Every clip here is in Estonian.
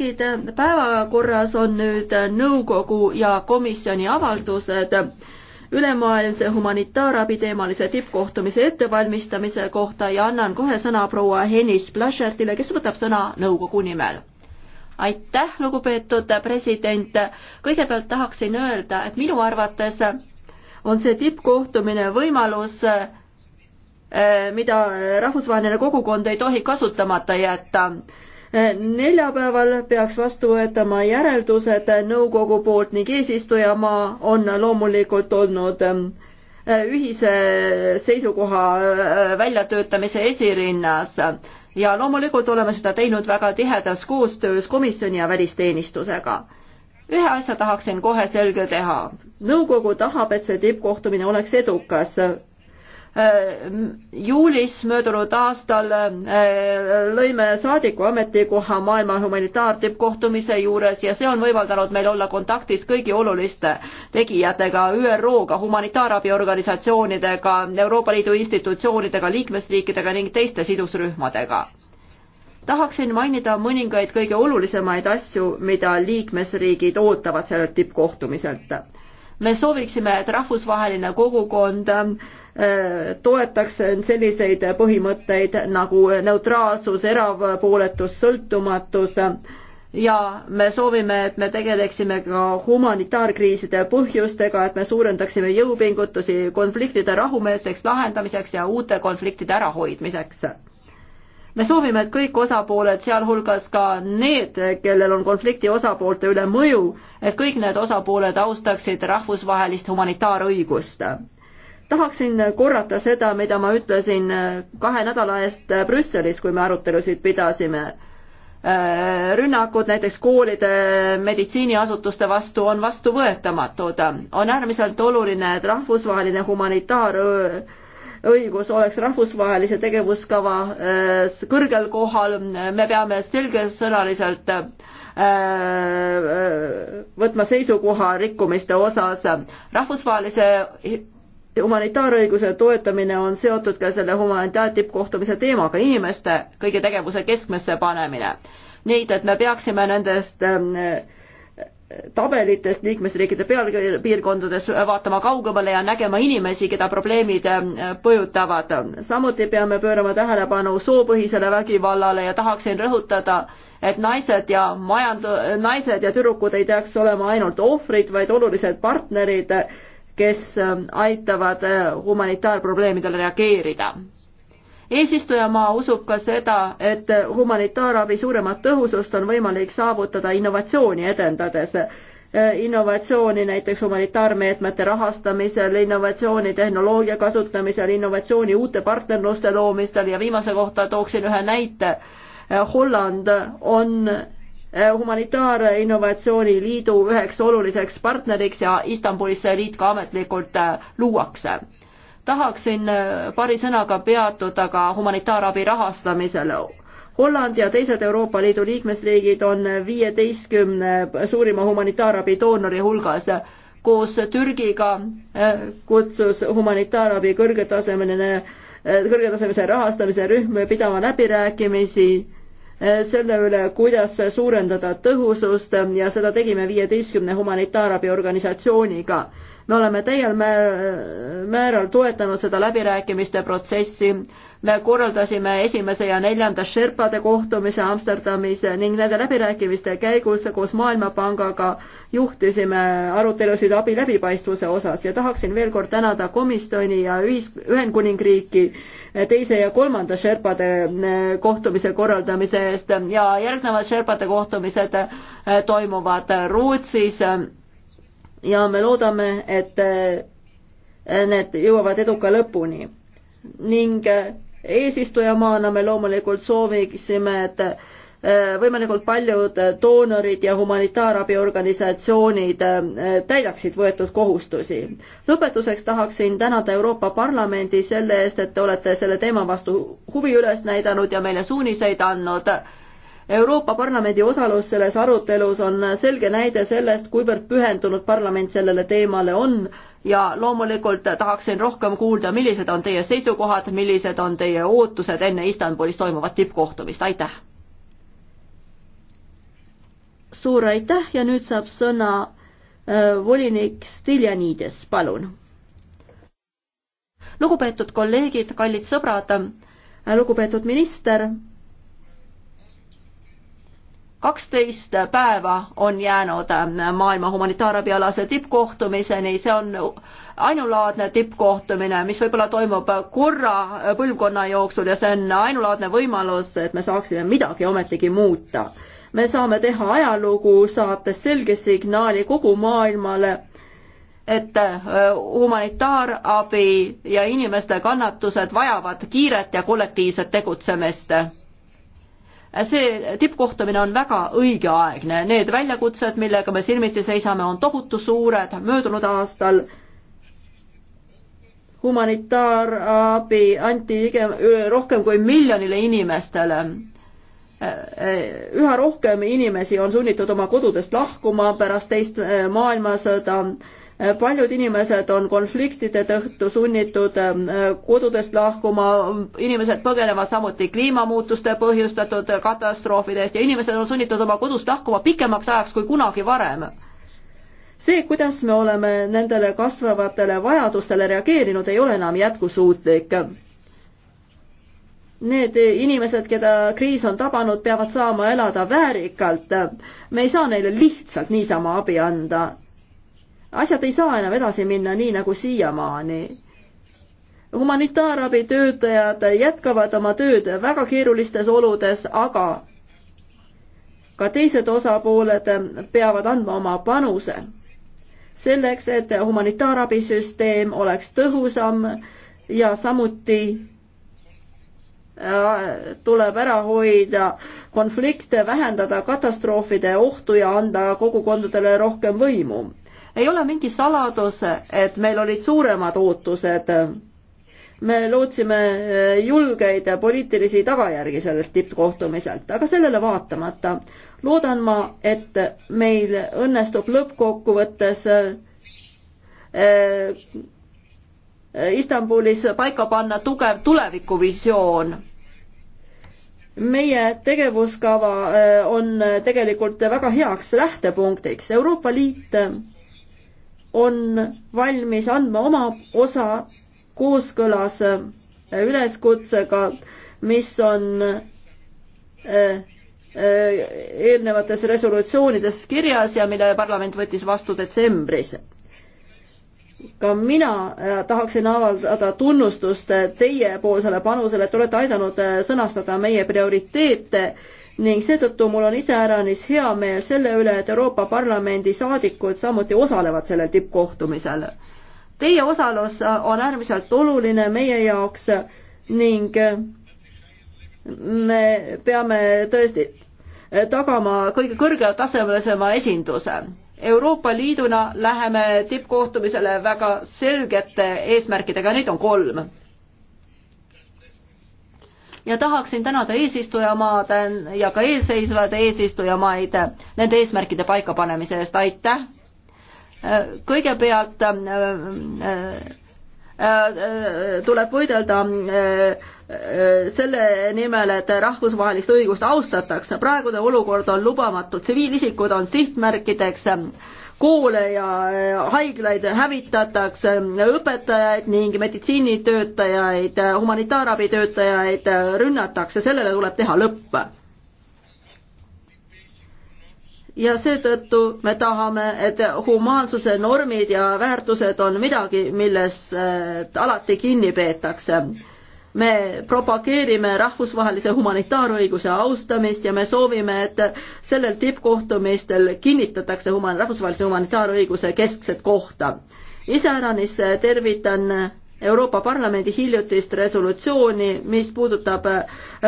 kolleegid, päevakorras on nüüd nõukogu ja komisjoni avaldused ülemaailmse humanitaarabi teemalise tippkohtumise ettevalmistamise kohta ja annan kohe sõna proua Henis Blaschertile, kes võtab sõna nõukogu nimel. aitäh, lugupeetud president. kõigepealt tahaksin öelda, et minu arvates on see tippkohtumine võimalus eh, mida rahvusvaheline kogukond ei tohi kasutamata jätta neljapäeval peaks vastu võetama järeldused nõukogu poolt ning eesistujamaa on loomulikult olnud äh, ühise seisukoha äh, väljatöötamise esirinnas ja loomulikult oleme seda teinud väga tihedas koostöös komisjoni ja välisteenistusega. ühe asja tahaksin kohe selge teha. nõukogu tahab, et see tippkohtumine oleks edukas. Äh, juulis möödunud aastal äh, lõime saadiku ametikoha maailma humanitaartippkohtumise juures ja see on võimaldanud meil olla kontaktis kõigi oluliste tegijatega, ÜRO-ga, humanitaarabiorganisatsioonidega, Euroopa Liidu institutsioonidega, liikmesriikidega ning teiste sidusrühmadega tahaksin mainida mõningaid kõige olulisemaid asju, mida liikmesriigid ootavad sellelt tippkohtumiselt. me sooviksime, et rahvusvaheline kogukond äh, toetaks selliseid põhimõtteid nagu neutraalsus, erapooletus, sõltumatus ja me soovime, et me tegeleksime ka humanitaarkriiside põhjustega, et me suurendaksime jõupingutusi konfliktide rahumeelseks lahendamiseks ja uute konfliktide ärahoidmiseks. me soovime, et kõik osapooled, sealhulgas ka need, kellel on konflikti osapoolte üle mõju, et kõik need osapooled austaksid rahvusvahelist humanitaarõigust tahaksin korrata seda, mida ma ütlesin äh, kahe nädala eest äh, Brüsselis, kui me arutelusid pidasime. Äh, rünnakud näiteks koolide meditsiiniasutuste vastu on vastuvõetamatud. on äärmiselt oluline, et rahvusvaheline humanitaarõigus oleks rahvusvahelise tegevuskava kõrgel kohal, me peame selgesõnaliselt võtma seisukoha rikkumiste osas. rahvusvahelise humanitaarõiguse toetamine on seotud ka selle humanitaartippkohtumise teemaga, inimeste kõigi tegevuse keskmesse panemine. nii et me peaksime nendest ähm, tabelitest liikmesriikide pealpiirkondades vaatama kaugemale ja nägema inimesi, keda probleemid ähm, põjutavad. samuti peame pöörama tähelepanu soopõhisele vägivallale ja tahaksin rõhutada, et naised ja majand-, naised ja tüdrukud ei peaks olema ainult ohvrid, vaid olulised partnerid kes ähm, aitavad äh, humanitaarprobleemidele reageerida. eesistujamaa usub ka seda, et äh, humanitaarabi suuremat tõhusust on võimalik saavutada innovatsiooni edendades äh, innovatsiooni näiteks humanitaarmeetmete rahastamisel, innovatsiooni tehnoloogia kasutamisel, innovatsiooni uute partnerluste loomistel ja viimase kohta tooksin ühe näite. Holland on Eh, humanitaarinnovatsiooni liidu üheks oluliseks partneriks ja Istanbulis see liit ka ametlikult eh, luuakse. tahaksin eh, paari sõnaga peatuda ka humanitaarabi rahastamisele. Holland ja teised Euroopa Liidu liikmesriigid on viieteistkümne suurima humanitaarabi doonori hulgas. koos Türgiga kutsus humanitaarabi kõrgetasemeline, kõrgetasemelise rahastamise rühm pidama läbirääkimisi Eh, selle üle, kuidas suurendada tõhusust eh, ja seda tegime viieteistkümne humanitaarabiorganisatsiooniga. me oleme täiel eh, määral toetanud seda läbirääkimiste protsessi me korraldasime esimese ja neljanda Sherpade kohtumise Amsterdamis ning nende läbirääkimiste käigus koos Maailmapangaga juhtisime arutelusid abi läbipaistvuse osas ja tahaksin veel kord tänada komisjoni ja ühis, Ühendkuningriiki teise ja kolmanda Sherpade äh, kohtumise korraldamise eest ja järgnevad Sherpade kohtumised äh, toimuvad Rootsis ja me loodame, et äh, need jõuavad eduka lõpuni ning eesistujamaana me loomulikult sooviksime, et äh, võimalikult paljud doonorid ja humanitaarabiorganisatsioonid äh, täidaksid võetud kohustusi. lõpetuseks tahaksin tänada Euroopa Parlamendi selle eest, et te olete selle teema vastu huvi üles näidanud ja meile suuniseid andnud Euroopa Parlamendi osalus selles arutelus on selge näide sellest, kuivõrd pühendunud parlament sellele teemale on ja loomulikult tahaksin rohkem kuulda, millised on teie seisukohad, millised on teie ootused enne Istanbulis toimuvat tippkohtumist, aitäh! suur aitäh ja nüüd saab sõna äh, volinik Stiljanides, palun! lugupeetud kolleegid, kallid sõbrad, äh, lugupeetud minister kaksteist päeva on jäänud maailma humanitaarabialase tippkohtumiseni, see on ainulaadne tippkohtumine, mis võib-olla toimub korra põlvkonna jooksul ja see on ainulaadne võimalus, et me saaksime midagi ometigi muuta. me saame teha ajalugu, saates selge signaali kogu maailmale, et äh, humanitaarabi ja inimeste kannatused vajavad kiiret ja kollektiivset tegutsemist see tippkohtumine on väga õigeaegne, need väljakutsed, millega me silmitsi seisame, on tohutu suured, möödunud aastal humanitaarabi anti rohkem kui miljonile inimestele. üha rohkem inimesi on sunnitud oma kodudest lahkuma pärast teist eh, maailmasõda paljud inimesed on konfliktide tõttu sunnitud äh, kodudest lahkuma, inimesed põgenevad samuti kliimamuutuste põhjustatud katastroofide eest ja inimesed on sunnitud oma kodust lahkuma pikemaks ajaks kui kunagi varem. see, kuidas me oleme nendele kasvavatele vajadustele reageerinud, ei ole enam jätkusuutlik need inimesed, keda kriis on tabanud, peavad saama elada väärikalt. me ei saa neile lihtsalt niisama abi anda asjad ei saa enam edasi minna nii nagu siiamaani humanitaarabi töötajad jätkavad oma tööd väga keerulistes oludes, aga ka teised osapooled peavad andma oma panuse selleks, et humanitaarabisüsteem oleks tõhusam ja samuti äh, tuleb ära hoida konflikte, vähendada katastroofide ohtu ja anda kogukondadele rohkem võimu ei ole mingi saladus, et meil olid suuremad ootused. me lootsime eh, julgeid poliitilisi tagajärgi sellelt tippkohtumiselt, aga sellele vaatamata loodan ma, et meil õnnestub lõppkokkuvõttes eh, Istanbulis paika panna tugev tulevikuvisioon meie tegevuskava eh, on tegelikult väga heaks lähtepunktiks. Euroopa Liit on valmis andma oma osa kooskõlas äh, üleskutsega, mis on äh, äh, eelnevates resolutsioonides kirjas ja mille parlament võttis vastu detsembris. ka mina tahaksin avaldada tunnustust teiepoolsele panusele, et olete aidanud sõnastada meie prioriteete ning seetõttu mul on iseäranis hea meel selle üle, et Euroopa Parlamendi saadikud samuti osalevad sellel tippkohtumisel. Teie osalus on äärmiselt oluline meie jaoks ning me peame tõesti tagama kõige kõrgetasemelisema esinduse. Euroopa Liiduna läheme tippkohtumisele väga selgete eesmärkidega, neid on kolm ja tahaksin tänada eesistujamaad ja ka eelseisvaid eesistujamaid nende eesmärkide paikapanemise eest, aitäh! kõigepealt äh, äh, äh, tuleb võidelda selle nimel, et rahvusvahelist õigust austatakse. praegune olukord on lubamatu, tsiviilisikud on sihtmärkideks koole ja haiglaid hävitatakse, õpetajaid ning meditsiinitöötajaid, humanitaarabitöötajaid rünnatakse, sellele tuleb teha lõpp. ja seetõttu me tahame, et humaansuse normid ja väärtused on midagi, milles äh, alati kinni peetakse me propageerime rahvusvahelise humanitaarõiguse austamist ja me soovime, et sellel tippkohtumistel kinnitatakse human-, rahvusvahelise humanitaarõiguse keskset kohta. iseäranis tervitan Euroopa Parlamendi hiljutist resolutsiooni, mis puudutab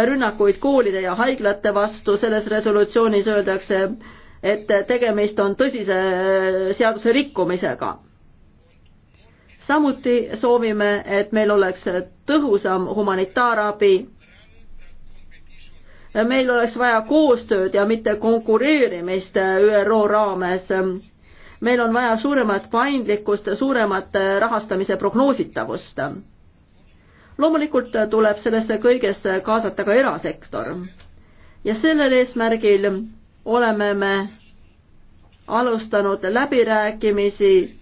rünnakuid koolide ja haiglate vastu, selles resolutsioonis öeldakse, et tegemist on tõsise seaduse rikkumisega. samuti soovime, et meil oleks tõhusam humanitaarabi. meil oleks vaja koostööd ja mitte konkureerimist ÜRO raames. meil on vaja suuremat paindlikkust, suuremat rahastamise prognoositavust. loomulikult tuleb sellesse kõigesse kaasata ka erasektor ja sellel eesmärgil oleme me alustanud läbirääkimisi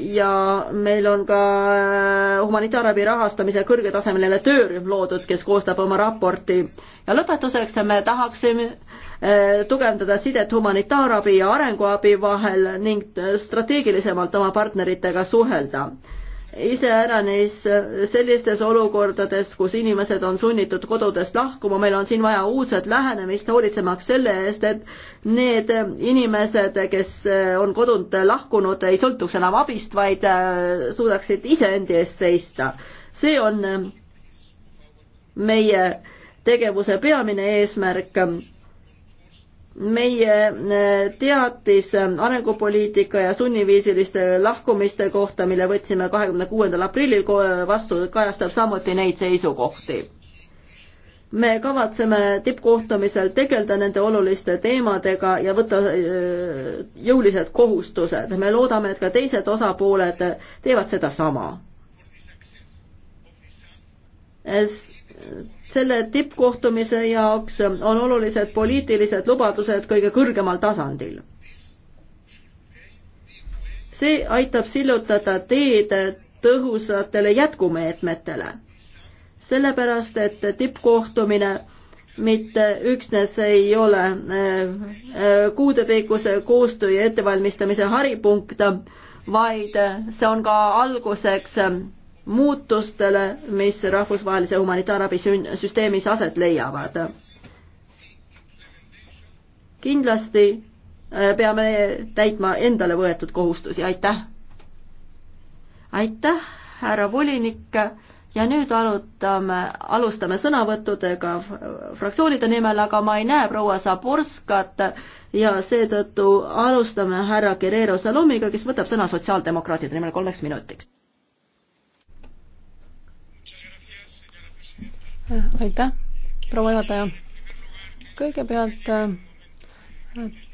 ja meil on ka äh, humanitaarabi rahastamise kõrgetasemeline töörühm loodud, kes koostab oma raporti. ja lõpetuseks me tahaksime äh, tugevdada sidet humanitaarabi ja arenguabi vahel ning äh, strateegilisemalt oma partneritega suhelda iseäranis sellistes olukordades, kus inimesed on sunnitud kodudest lahkuma, meil on siin vaja uudset lähenemist, hoolitsemaks selle eest, et need inimesed, kes on kodunt lahkunud, ei sõltuks enam abist, vaid äh, suudaksid iseendi eest seista. see on meie tegevuse peamine eesmärk meie äh, teatis äh, arengupoliitika ja sunniviisiliste lahkumiste kohta, mille võtsime kahekümne kuuendal aprillil vastu, kajastab samuti neid seisukohti. me kavatseme tippkohtumisel tegeleda nende oluliste teemadega ja võtta äh, jõulised kohustused. me loodame, et ka teised osapooled teevad sedasama selle tippkohtumise jaoks on olulised poliitilised lubadused kõige kõrgemal tasandil. see aitab sillutada teed tõhusatele jätkumeetmetele, sellepärast et tippkohtumine mitte üksnes ei ole äh, kuudepikkuse koostöö ja ettevalmistamise haripunkt, vaid see on ka alguseks muutustele, mis rahvusvahelise humanitaarabi süsteemis aset leiavad. kindlasti äh, peame täitma endale võetud kohustusi, aitäh! aitäh, härra volinik, ja nüüd alutame, alustame sõnavõttudega fraktsioonide nimel, aga ma ei näe proua Saborskat ja seetõttu alustame härra Guerrero Salomiga, kes võtab sõna sotsiaaldemokraatide nimel kolmeks minutiks aitäh, proua juhataja. kõigepealt äh,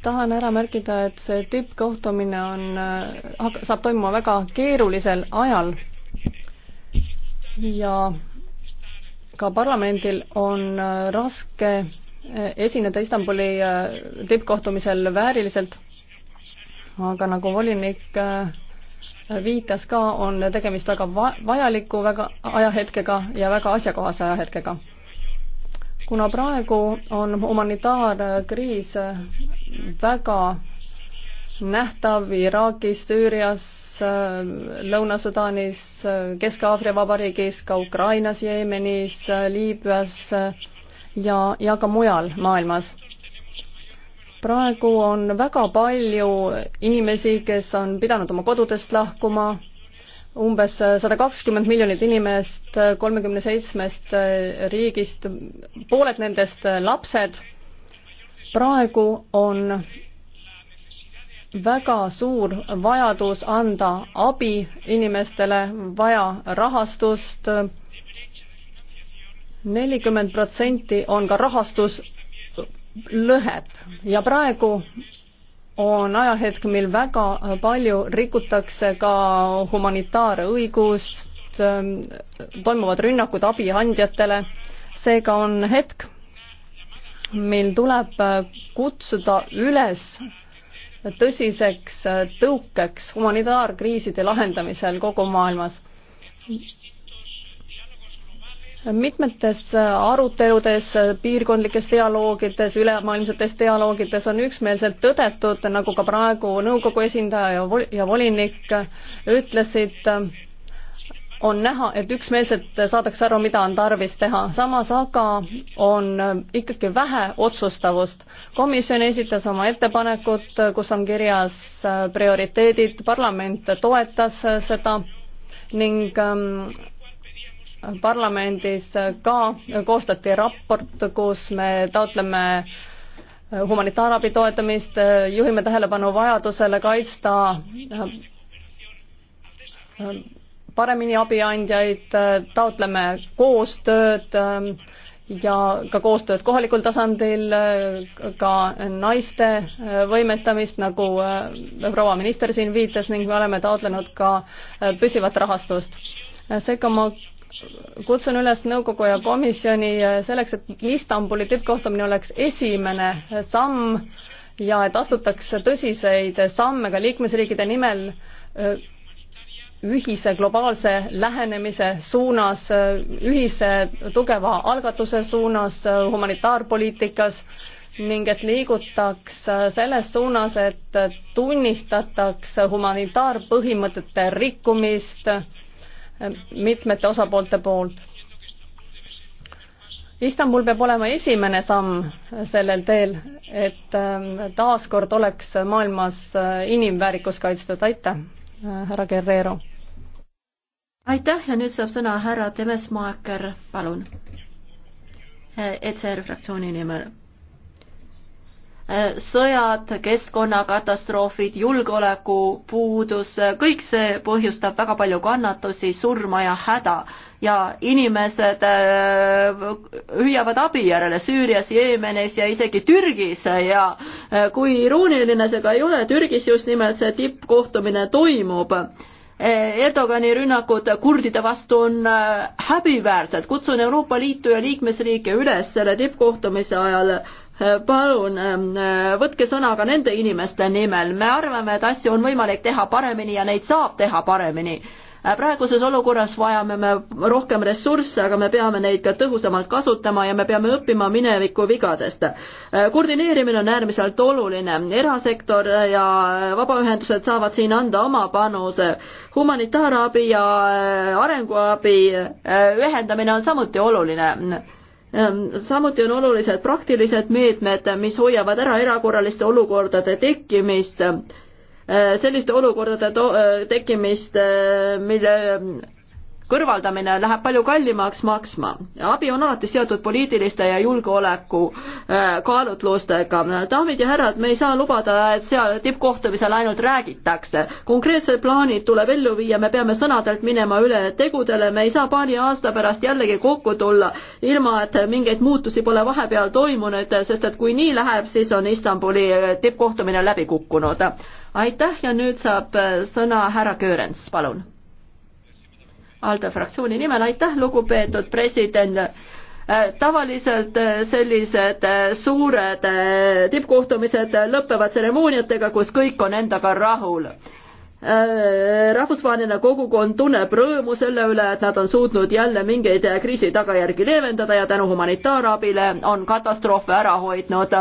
tahan ära märkida, et see tippkohtumine on, äh, saab toimuma väga keerulisel ajal ja ka parlamendil on äh, raske esineda Istanbuli tippkohtumisel vääriliselt, aga nagu volinik viitas ka, on tegemist väga va-, vajaliku väga ajahetkega ja väga asjakohase ajahetkega. kuna praegu on humanitaarkriis väga nähtav Iraagis, Süürias, Lõuna-Sudaanis, Kesk-Aafrika Vabariigis, ka Ukrainas, Jeemenis, Liibüas ja, ja ka mujal maailmas praegu on väga palju inimesi, kes on pidanud oma kodudest lahkuma, umbes sada kakskümmend miljonit inimest kolmekümne seitsmest riigist, pooled nendest lapsed. praegu on väga suur vajadus anda abi inimestele, vaja rahastust. nelikümmend protsenti on ka rahastus lõhet ja praegu on ajahetk, mil väga palju rikutakse ka humanitaarõigust, ähm, toimuvad rünnakud abiandjatele, seega on hetk, mil tuleb kutsuda üles tõsiseks tõukeks humanitaarkriiside lahendamisel kogu maailmas mitmetes äh, aruteludes, äh, piirkondlikes dialoogides, ülemaailmsetes dialoogides on üksmeelselt tõdetud, nagu ka praegu nõukogu esindaja ja vol-, ja volinik äh, ütlesid, on näha, et üksmeelselt saadakse aru, mida on tarvis teha, samas aga on ikkagi vähe otsustavust. komisjon esitas oma ettepanekud, kus on kirjas prioriteedid, parlament toetas seda ning ähm, parlamendis ka koostati raport, kus me taotleme humanitaarabi toetamist, juhime tähelepanu vajadusele kaitsta paremini abiandjaid, taotleme koostööd ja ka koostööd kohalikul tasandil, ka naiste võimestamist, nagu proua minister siin viitas ning me oleme taotlenud ka püsivat rahastust. seega ma kutsun üles nõukogu ja komisjoni eh, selleks, et Istanbuli tippkohtumine oleks esimene samm ja et astutakse tõsiseid samme ka liikmesriikide nimel eh, ühise globaalse lähenemise suunas, eh, ühise tugeva algatuse suunas humanitaarpoliitikas ning et liigutaks selles suunas, et tunnistataks humanitaarpõhimõtete rikkumist mitmete osapoolte poolt. Istanbul peab olema esimene samm sellel teel, et äh, taaskord oleks maailmas äh, inimväärikus kaitstud, aitäh, äh, härra Guerrero! aitäh ja nüüd saab sõna härra Temesmaaker, palun, ECR fraktsiooni nimel sõjad, keskkonnakatastroofid, julgeolekupuudus, kõik see põhjustab väga palju kannatusi, surma ja häda ja inimesed äh, hüüavad abi järele Süürias, Jeemenis ja isegi Türgis ja äh, kui irooniline see ka ei ole, Türgis just nimelt see tippkohtumine toimub äh, Erdogani rünnakud kurdide vastu on häbiväärsed. kutsun Euroopa Liitu ja liikmesriike üles selle tippkohtumise ajal palun ähm, äh, võtke sõna ka nende inimeste nimel, me arvame, et asju on võimalik teha paremini ja neid saab teha paremini äh, praeguses olukorras vajame me rohkem ressursse, aga me peame neid ka tõhusamalt kasutama ja me peame õppima mineviku vigadest. Äh, koordineerimine on äärmiselt oluline, erasektor ja vabaühendused saavad siin anda oma panuse. humanitaarabi ja arenguabi ühendamine on samuti oluline Ehm, samuti on olulised praktilised meetmed, mis hoiavad ära erakorraliste olukordade tekkimist, ehm, selliste olukordade tekkimist, ehm, mille kõrvaldamine läheb palju kallimaks maksma. abi on alati seotud poliitiliste ja julgeoleku äh, kaalutlustega. daamid ja härrad, me ei saa lubada, et seal tippkohtumisel ainult räägitakse. konkreetsed plaanid tuleb ellu viia, me peame sõnadelt minema üle tegudele, me ei saa paari aasta pärast jällegi kokku tulla, ilma et mingeid muutusi pole vahepeal toimunud, sest et kui nii läheb, siis on Istanbuli äh, tippkohtumine läbi kukkunud. aitäh ja nüüd saab äh, sõna härra Köörens, palun ALDE fraktsiooni nimel, aitäh, lugupeetud president äh, tavaliselt äh, sellised äh, suured tippkohtumised lõpevad tseremooniatega, kus kõik on endaga rahul. rahvusvaheline kogukond tunneb rõõmu selle üle, et nad on suutnud jälle mingeid kriisi tagajärgi leevendada ja tänu humanitaarabile on katastroofe ära hoidnud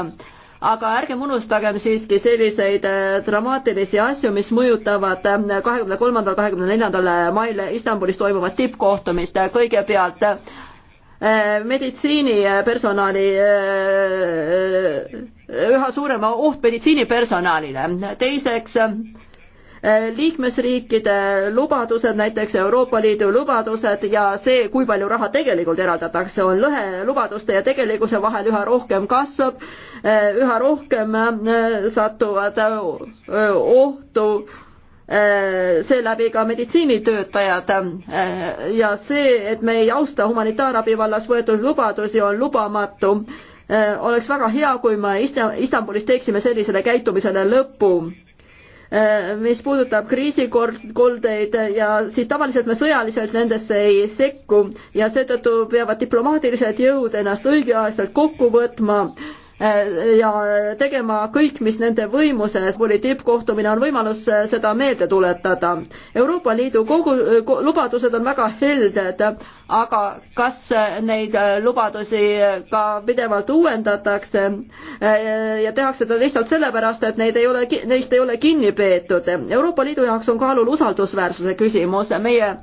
aga ärgem unustagem siiski selliseid äh, dramaatilisi asju, mis mõjutavad äh, kahekümne kolmandal, kahekümne neljandal äh, mail Istanbulis toimuvat tippkohtumist. kõigepealt meditsiinipersonali, üha suurema oht meditsiinipersonalile, teiseks Eh, liikmesriikide lubadused, näiteks Euroopa Liidu lubadused ja see, kui palju raha tegelikult eraldatakse, on lõhe lubaduste ja tegelikkuse vahel üha rohkem kasvab, eh, üha rohkem eh, satuvad ohtu seeläbi ka meditsiinitöötajad ja see, et me ei austa humanitaarabi vallas võetud lubadusi, on lubamatu. oleks väga hea, kui me Istanbulis teeksime sellisele käitumisele lõpu Äh, mis puudutab kriisikoldeid ja siis tavaliselt me sõjaliselt nendesse ei sekku ja seetõttu peavad diplomaatilised jõud ennast õigeaegselt kokku võtma Äh, ja tegema kõik, mis nende võimuses, kui tippkohtumine on võimalus äh, seda meelde tuletada. Euroopa Liidu kogu, äh, lubadused on väga helded, aga kas neid lubadusi ka pidevalt uuendatakse ja tehakse seda lihtsalt sellepärast, et neid ei ole, neist ei ole kinni peetud. Euroopa Liidu jaoks on kaalul usaldusväärsuse küsimus, meie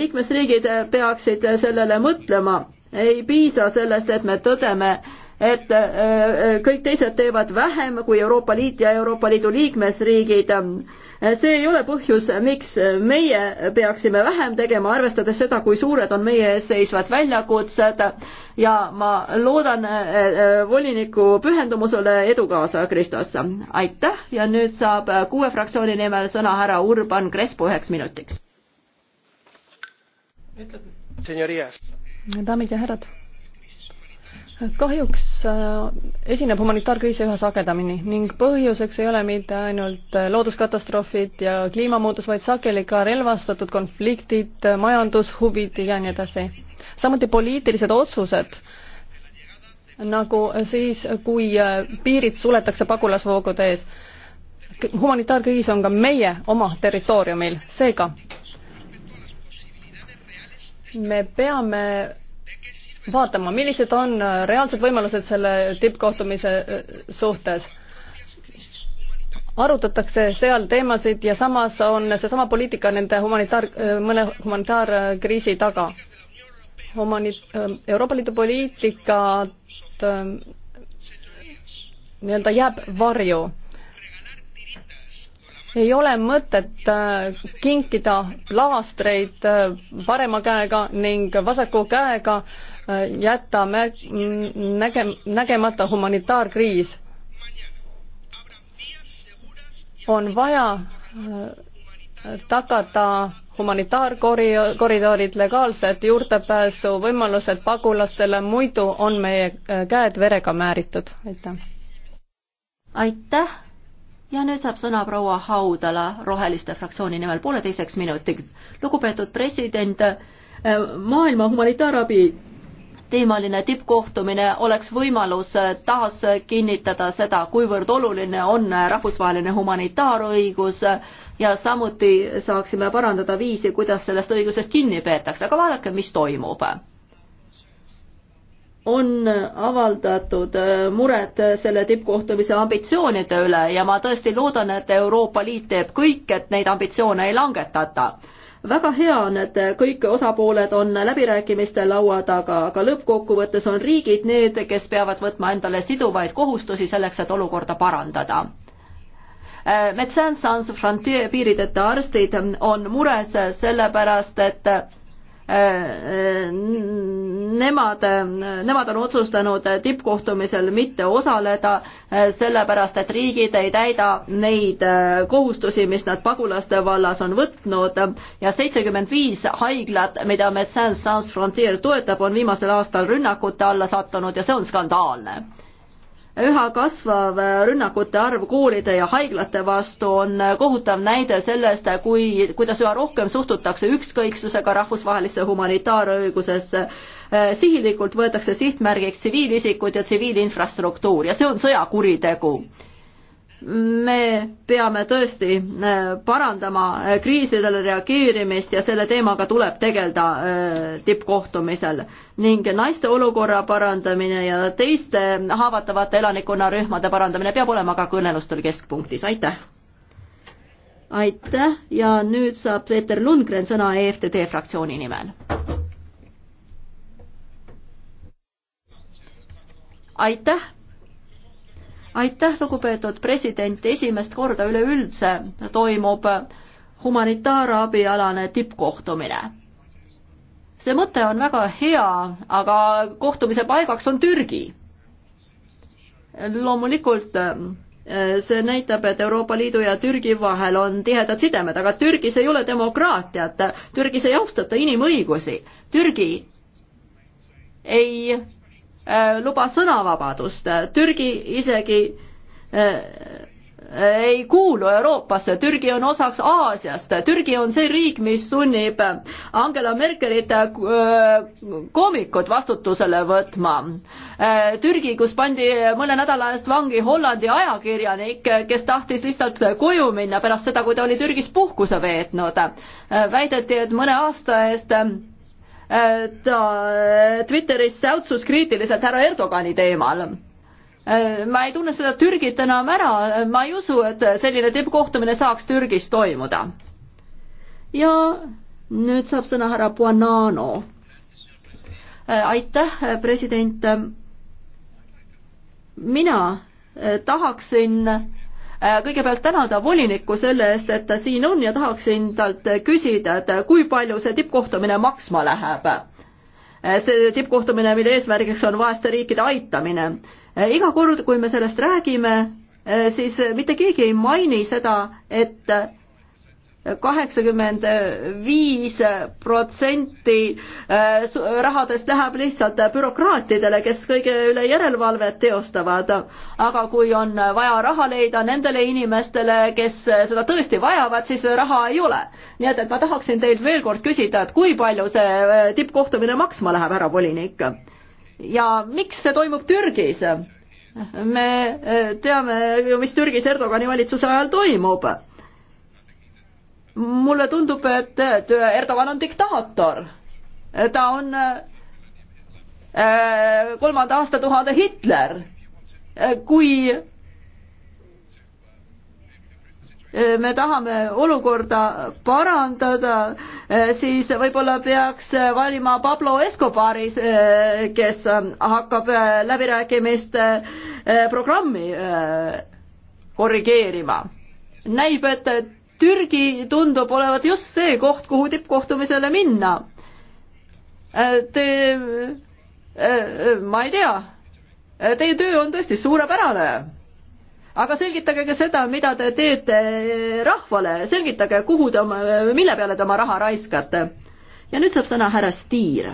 liikmesriigid peaksid sellele mõtlema, ei piisa sellest, et me tõdeme, et äh, äh, kõik teised teevad vähem kui Euroopa Liit ja Euroopa Liidu liikmesriigid. see ei ole põhjus, miks meie peaksime vähem tegema, arvestades seda, kui suured on meie ees seisvad väljakutsed ja ma loodan äh, voliniku pühendumusele edu kaasa, Kristos. aitäh ja nüüd saab kuue fraktsiooni nimel sõna härra Urban Crespo üheks minutiks. daamid ja härrad kahjuks äh, esineb humanitaarkriise üha sagedamini ning põhjuseks ei ole mitte ainult äh, looduskatastroofid ja kliimamuutus, vaid sageli ka relvastatud konfliktid, majandushuvid ja nii edasi. samuti poliitilised otsused, nagu siis, kui äh, piirid suletakse pagulasvoogude ees. humanitaarkriis on ka meie oma territooriumil, seega me peame vaatama, millised on äh, reaalsed võimalused selle tippkohtumise äh, suhtes. arutatakse seal teemasid ja samas on seesama poliitika nende humanitaar, äh, mõne humanitaarkriisi taga. Humani-, Euroopa Liidu poliitikat nii-öelda jääb varju. ei ole mõtet kinkida plaastreid parema käega ning vasaku käega äh, jätta näge-, nägemata humanitaarkriis. on vaja äh, tagada humanitaarkoridorid, legaalsed juurdepääsuvõimalused pagulastele, muidu on meie äh, käed verega määritud, aitäh. aitäh ja nüüd saab sõna proua Haudala Roheliste fraktsiooni nimel pooleteiseks minutiks. lugupeetud president, äh, maailma humanitaarabi teemaline tippkohtumine oleks võimalus taas kinnitada seda, kuivõrd oluline on rahvusvaheline humanitaarõigus ja samuti saaksime parandada viisi, kuidas sellest õigusest kinni peetakse, aga vaadake, mis toimub. on avaldatud muret selle tippkohtumise ambitsioonide üle ja ma tõesti loodan, et Euroopa Liit teeb kõik, et neid ambitsioone ei langetata väga hea on, et kõik osapooled on läbirääkimiste laua taga, aga lõppkokkuvõttes on riigid need, kes peavad võtma endale siduvaid kohustusi selleks, et olukorda parandada. Eh, Metsään Sans Frontier piirideta arstid on mures sellepärast, et nemad, nemad on otsustanud tippkohtumisel mitte osaleda, sellepärast et riigid ei täida neid kohustusi, mis nad pagulaste vallas on võtnud ja seitsekümmend viis haiglat, mida Médecins Sans Frontières toetab, on viimasel aastal rünnakute alla sattunud ja see on skandaalne üha kasvav rünnakute arv koolide ja haiglate vastu on kohutav näide sellest, kui, kuidas üha rohkem suhtutakse ükskõiksusega rahvusvahelisse humanitaarõigusesse. sihilikult võetakse sihtmärgiks tsiviilisikud ja tsiviilinfrastruktuur ja see on sõjakuritegu me peame tõesti äh, parandama äh, kriisidele reageerimist ja selle teemaga tuleb tegeleda äh, tippkohtumisel ning naiste olukorra parandamine ja teiste haavatavate elanikkonnarühmade parandamine peab olema ka kõnelustel keskpunktis, aitäh! aitäh ja nüüd saab Peeter Lundgren sõna EFTD fraktsiooni nimel. aitäh! aitäh, lugupeetud president, esimest korda üleüldse toimub humanitaarabialane tippkohtumine. see mõte on väga hea, aga kohtumise paigaks on Türgi. loomulikult eh, see näitab, et Euroopa Liidu ja Türgi vahel on tihedad sidemed, aga Türgis ei ole demokraatiat, Türgis ei austata inimõigusi, Türgi ei Äh, luba sõnavabadust. Türgi isegi äh, ei kuulu Euroopasse, Türgi on osaks Aasiast, Türgi on see riik, mis sunnib äh, Angela Merkelit koomikud vastutusele võtma. Türgi, kus pandi mõne nädala eest vangi Hollandi ajakirjanik, kes tahtis lihtsalt koju minna pärast seda, kui ta oli Türgis puhkuse veetnud. väideti, et mõne aasta eest ta Twitteris säutsus kriitiliselt härra Erdogani teemal ma ei tunne seda Türgit enam ära, ma ei usu, et selline tippkohtumine saaks Türgis toimuda. ja nüüd saab sõna härra Buonanno. aitäh, president. mina tahaksin Äh, kõigepealt tänada volinikku selle eest, et ta siin on ja tahaksin talt küsida, et kui palju see tippkohtumine maksma läheb? Äh, see tippkohtumine, mille eesmärgiks on vaeste riikide aitamine. Äh, iga kord, kui me sellest räägime, siis mitte keegi ei maini seda, et kaheksakümmend viis protsenti äh, rahadest läheb lihtsalt bürokraatidele, kes kõige üle järelevalvet teostavad. aga kui on vaja raha leida nendele inimestele, kes seda tõesti vajavad, siis raha ei ole. nii et, et ma tahaksin teilt veel kord küsida, et kui palju see äh, tippkohtumine maksma läheb, härra volinik? ja miks see toimub Türgis? me äh, teame ju, mis Türgis Erdogani valitsuse ajal toimub mulle tundub, et Erdogan on diktaator. ta on äh, kolmanda aastatuhande Hitler. kui äh, me tahame olukorda parandada, äh, siis võib-olla peaks valima Pablo Escobari, kes hakkab läbirääkimiste programmi korrigeerima. näib, et Türgi tundub olevat just see koht, kuhu tippkohtumisele minna. Äh, te, äh, ma ei tea, äh, teie töö on tõesti suurepärane. aga selgitage ka seda, mida te teete rahvale, selgitage, kuhu te oma, mille peale te oma raha raiskate. ja nüüd saab sõna härra Stiir.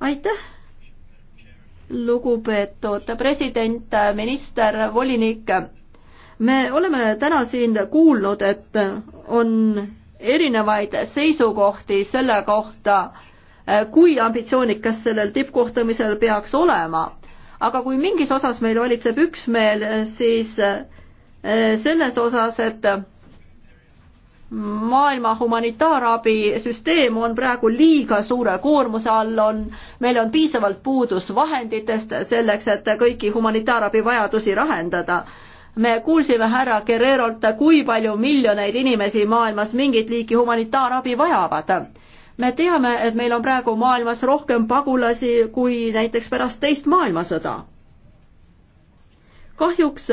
aitäh lugupeetud president, minister, volinik me oleme täna siin kuulnud, et on erinevaid seisukohti selle kohta, eh, kui ambitsioonikas sellel tippkohtumisel peaks olema. aga kui mingis osas meil valitseb üksmeel, siis eh, selles osas, et maailma humanitaarabisüsteem on praegu liiga suure koormuse all, on, meil on piisavalt puudus vahenditest selleks, et kõiki humanitaarabivajadusi lahendada me kuulsime härra Guerrerolt, kui palju miljoneid inimesi maailmas mingit liiki humanitaarabi vajavad. me teame, et meil on praegu maailmas rohkem pagulasi kui näiteks pärast teist maailmasõda. kahjuks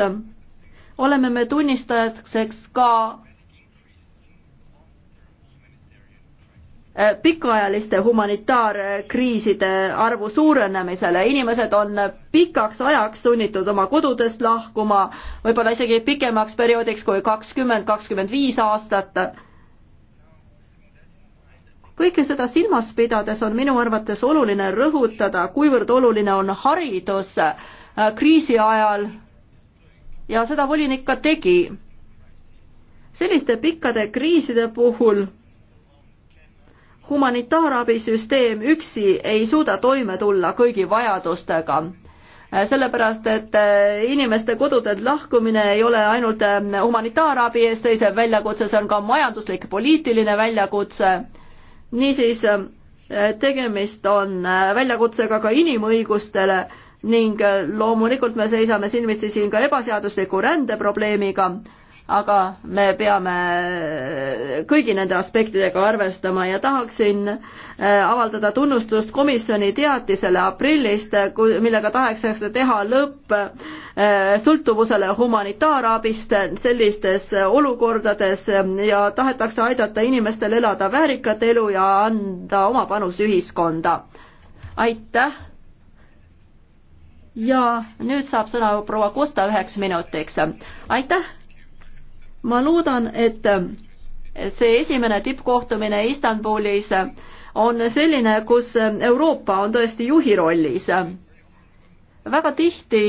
oleme me tunnistajaks ka Äh, pikaajaliste humanitaarkriiside arvu suurenemisele, inimesed on pikaks ajaks sunnitud oma kodudest lahkuma, võib-olla isegi pikemaks perioodiks kui kakskümmend, kakskümmend viis aastat. kõike seda silmas pidades on minu arvates oluline rõhutada, kuivõrd oluline on haridus äh, kriisi ajal ja seda volinik ka tegi. selliste pikkade kriiside puhul humanitaarabisüsteem üksi ei suuda toime tulla kõigi vajadustega sellepärast, et äh, inimeste kodudelt lahkumine ei ole ainult ähm, humanitaarabi eest seisev väljakutse, see on ka majanduslik, poliitiline väljakutse. niisiis, äh, tegemist on äh, väljakutsega ka inimõigustele ning loomulikult me seisame silmitsi siin ka ebaseadusliku rändeprobleemiga aga me peame kõigi nende aspektidega arvestama ja tahaksin äh, avaldada tunnustust komisjoni teatisele aprillist, millega tahetakse teha lõpp äh, sõltuvusele humanitaarabist sellistes olukordades ja tahetakse aidata inimestel elada väärikat elu ja anda oma panus ühiskonda. aitäh! ja nüüd saab sõna proua Kosta üheks minutiks. aitäh! ma loodan, et see esimene tippkohtumine Istanbulis on selline, kus Euroopa on tõesti juhi rollis. väga tihti,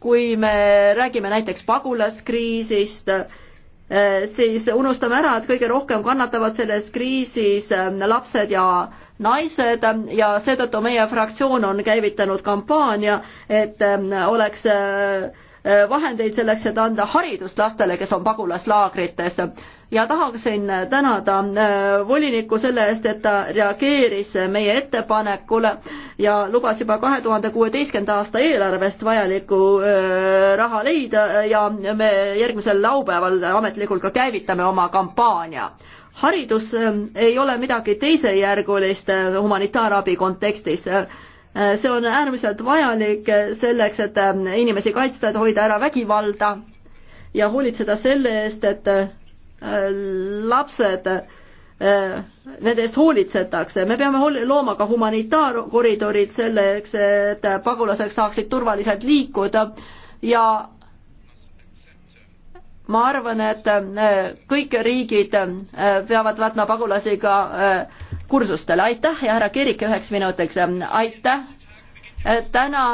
kui me räägime näiteks pagulaskriisist, eh, siis unustame ära, et kõige rohkem kannatavad selles kriisis eh, lapsed ja naised ja seetõttu meie fraktsioon on käivitanud kampaania, et ähm, oleks äh, äh, vahendeid selleks, et anda haridust lastele, kes on pagulaslaagrites. ja tahaksin tänada äh, volinikku selle eest, et ta reageeris meie ettepanekule ja lubas juba kahe tuhande kuueteistkümnenda aasta eelarvest vajaliku raha leida ja me järgmisel laupäeval ametlikult ka käivitame oma kampaania haridus ähm, ei ole midagi teisejärgulist äh, humanitaarabi kontekstis. Äh, see on äärmiselt vajalik selleks, et äh, inimesi kaitsta, et hoida ära vägivalda ja hoolitseda selle eest, et lapsed nende eest hoolitsetakse, me peame looma ka humanitaarkoridorid selleks, et pagulased saaksid turvaliselt liikuda ja ma arvan, et äh, kõik riigid äh, peavad võtma pagulasi ka äh, kursustele. aitäh ja härra Kirik üheks minutiks, aitäh. täna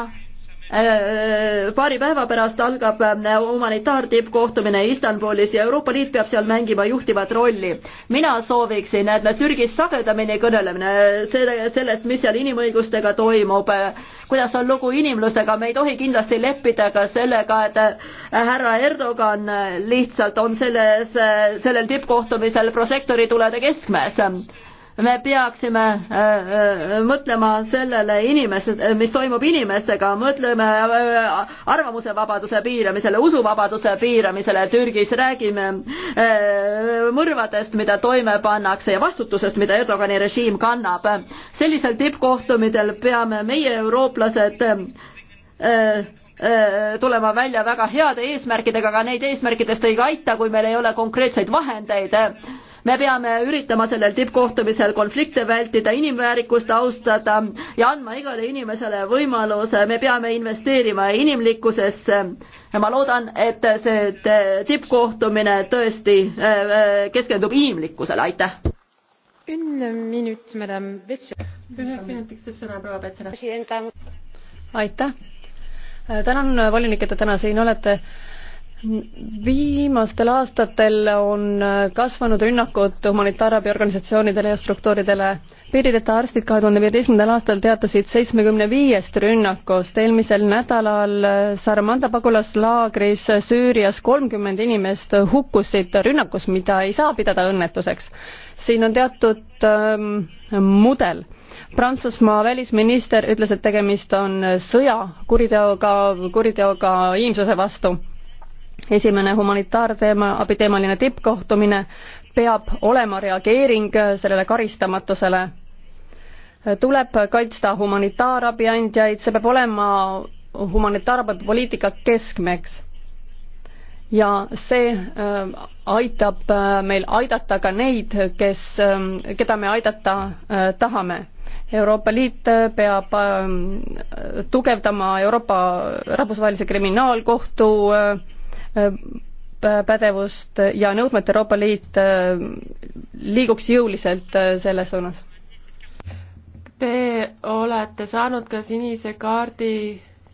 Äh, äh, paari päeva pärast algab äh, humanitaartippkohtumine Istanbulis ja Euroopa Liit peab seal mängima juhtivat rolli. mina sooviksin, et me Türgis sagedamini kõnelemine selle, sellest, mis seal inimõigustega toimub, kuidas on lugu inimlustega, me ei tohi kindlasti leppida ka sellega, et härra Erdogan lihtsalt on selles, sellel tippkohtumisel prožektoritulede keskmes me peaksime äh, äh, mõtlema sellele inimesed, mis toimub inimestega, mõtleme äh, arvamusevabaduse piiramisele, usuvabaduse piiramisele Türgis, räägime mõrvadest, mida toime pannakse ja vastutusest, mida Erdogani režiim kannab. sellisel tippkohtumisel peame meie, eurooplased, tulema välja väga heade eesmärkidega, aga neid eesmärkidest ei aita, kui meil ei ole konkreetseid vahendeid me peame üritama sellel tippkohtumisel konflikte vältida, inimväärikust austada ja andma igale inimesele võimaluse, me peame investeerima inimlikkusesse ja ma loodan, et see tippkohtumine tõesti äh, äh, keskendub inimlikkusele, aitäh! üheks minutiks saab sõna proua Petsera. aitäh! tänan volinik, et te täna siin olete viimastel aastatel on kasvanud rünnakud humanitaarabiorganisatsioonidele ja struktuuridele. piirideta arstid kahe tuhande viieteistkümnendal aastal teatasid seitsmekümne viiest rünnakust. eelmisel nädalal Sarmanda pagulaslaagris Süürias kolmkümmend inimest hukkusid rünnakus, mida ei saa pidada õnnetuseks. siin on teatud ähm, mudel Prantsusmaa välisminister ütles, et tegemist on sõjakuriteoga, kuriteoga inimsuse vastu esimene humanitaarteema, abiteemaline tippkohtumine peab olema reageering sellele karistamatusele. tuleb kaitsta humanitaarabi andjaid, see peab olema humanitaarabipoliitika keskmeks. ja see äh, aitab äh, meil aidata ka neid, kes äh,, keda me aidata äh, tahame Euroopa Liit peab ähm, tugevdama Euroopa Rahvusvahelise Kriminaalkohtu äh, Äh, pädevust ja nõudma, et Euroopa Liit äh, liiguks jõuliselt äh, selles suunas. Te olete saanud ka sinise kaardi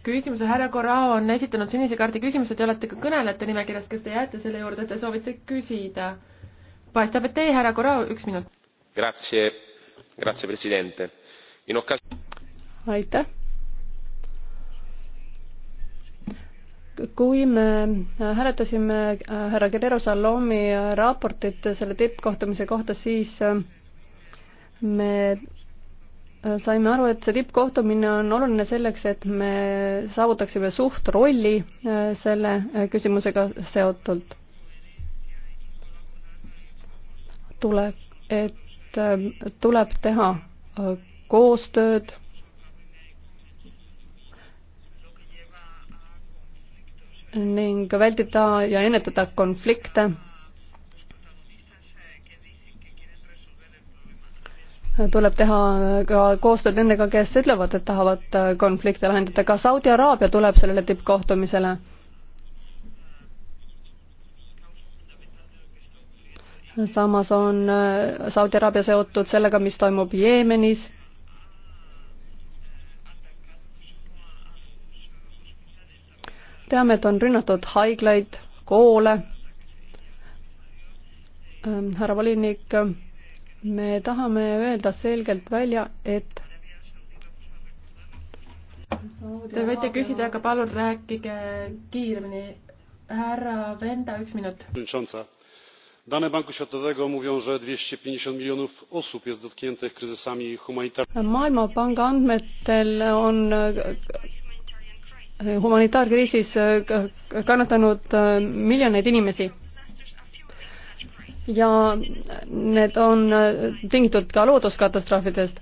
küsimuse, härra Corrao on esitanud sinise kaardi küsimuse, te olete ka kõnelejate nimekirjas, kas te jääte selle juurde, et te soovite küsida? paistab, et teie, härra Corrao, üks minut. aitäh kui me äh, hääletasime äh, härra Guerrero Salomi äh, raportit selle tippkohtumise kohta, siis me saime aru, et see tippkohtumine on oluline selleks, et me saavutaksime suhtrolli selle küsimusega seotult. tule, et tuleb teha koostööd ning vältida ja ennetada konflikte. tuleb teha ka koostööd nendega, kes ütlevad, et tahavad konflikte lahendada, ka Saudi Araabia tuleb sellele tippkohtumisele. samas on Saudi Araabia seotud sellega, mis toimub Jeemenis teame, et on rünnatud haiglaid, koole. Ähm, härra volinik, me tahame öelda selgelt välja, et Te võite küsida, aga palun rääkige kiiremini. härra Venda, üks minut. Dane Banku Światowego mówią, że 250 miljonów osób jest dotkniętych kryzysami humanitarnymi. maailmapanga andmetel on humanitaarkriisis äh, kannatanud äh, miljoneid inimesi. ja need on äh, tingitud ka looduskatastroofidest.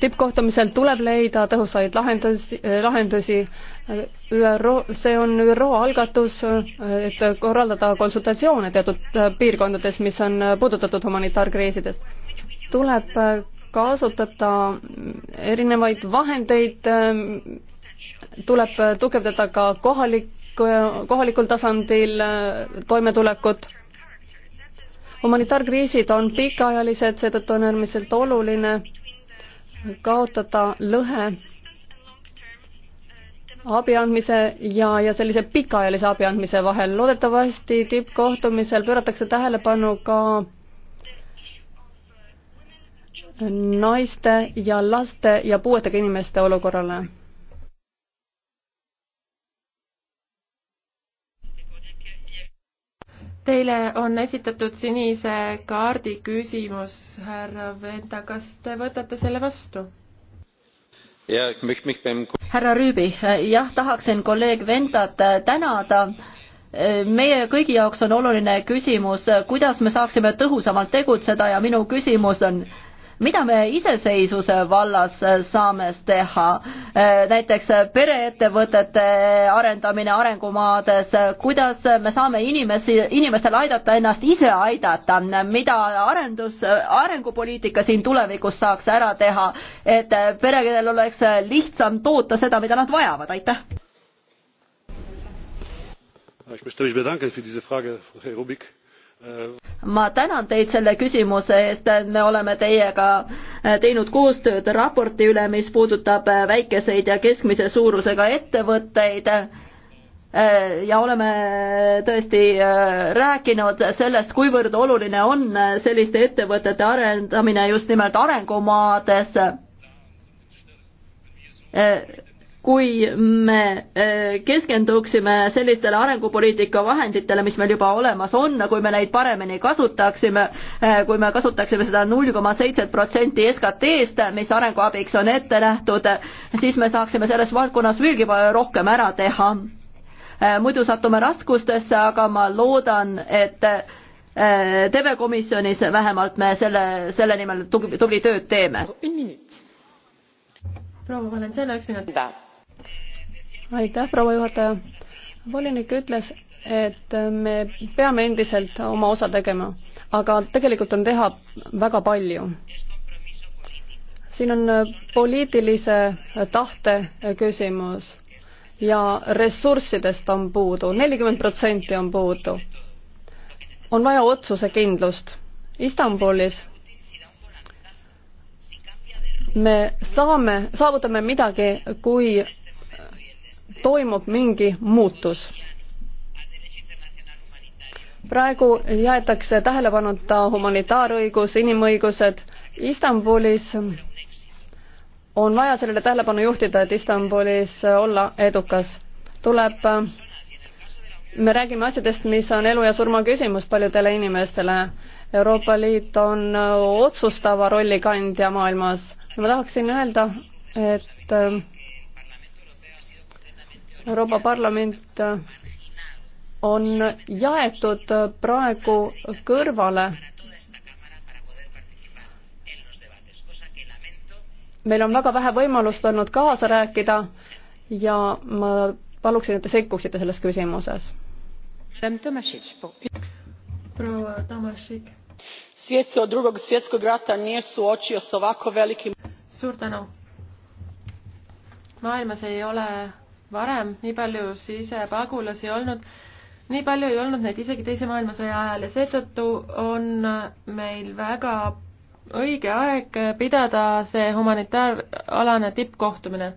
tippkohtumisel tuleb leida tõhusaid lahendusi, lahendusi. ÜRO, see on ÜRO algatus, et korraldada konsultatsioone teatud piirkondades, mis on puudutatud humanitaarkriisidest. tuleb kasutada erinevaid vahendeid, tuleb tugevdada ka kohalik, kohalikul tasandil toimetulekut. humanitaarkriisid on pikaajalised, seetõttu on äärmiselt oluline kaotada lõhe abi andmise ja, ja sellise pikaajalise abi andmise vahel. loodetavasti tippkohtumisel pööratakse tähelepanu ka naiste ja laste ja puuetega inimeste olukorrale. Teile on esitatud sinise kaardi küsimus, härra Venda, kas te võtate selle vastu? härra Rüübi, jah, tahaksin kolleeg Vendat tänada meie kõigi jaoks on oluline küsimus, kuidas me saaksime tõhusamalt tegutseda ja minu küsimus on, mida me iseseisvuse vallas äh, saame teha, äh, näiteks äh, pereettevõtete arendamine arengumaades, kuidas me saame inimesi, inimestel aidata ennast ise aidata, mida arendus, arengupoliitika siin tulevikus saaks ära teha, et peredel oleks lihtsam toota seda, mida nad vajavad, aitäh! ich möchte mich bedanken für diese frage herr rubig ma tänan teid selle küsimuse eest, me oleme teiega äh, teinud koostööd raporti üle, mis puudutab äh, väikeseid ja keskmise suurusega ettevõtteid äh, ja oleme tõesti rääkinud sellest, kuivõrd oluline on selliste ettevõtete arendamine just nimelt arengumaades kui me äh, keskenduksime sellistele arengupoliitika vahenditele, mis meil juba olemas on, kui me neid paremini kasutaksime, äh, kui me kasutaksime seda null koma seitset protsenti SKT-st, mis arenguabiks on ette nähtud, siis me saaksime selles valdkonnas veelgi rohkem ära teha. Äh, muidu satume raskustesse, aga ma loodan, et TV Komisjonis vähemalt me selle, selle nimel tubli, tubli tööd teeme. proua Valentina, üks minut aitäh, proua juhataja. volinik ütles, et me peame endiselt oma osa tegema, aga tegelikult on teha väga palju. siin on poliitilise tahte küsimus ja ressurssidest on puudu, nelikümmend protsenti on puudu. on vaja otsusekindlust. Istanbulis me saame, saavutame midagi, kui toimub mingi muutus. praegu jäetakse tähelepanuta humanitaarõigus, inimõigused. Istanbulis on vaja sellele tähelepanu juhtida, et Istanbulis olla edukas. tuleb, me räägime asjadest, mis on elu ja surma küsimus paljudele inimestele. Euroopa Liit on otsustava rolli kandja maailmas ja ma tahaksin öelda, et Euroopa Parlament äh, on jaetud äh, praegu kõrvale. meil on väga vähe võimalust olnud kaasa rääkida ja ma paluksin, et te sekkuksite selles küsimuses. proua Tomašik. Svijet se od drugog svjetskog rata nije suočio s ovako velikim... Suur tänu. maailmas ei ole varem nii palju sisepagulasi olnud, nii palju ei olnud neid isegi Teise maailmasõja ajal ja seetõttu on meil väga õige aeg pidada see humanitaaralane tippkohtumine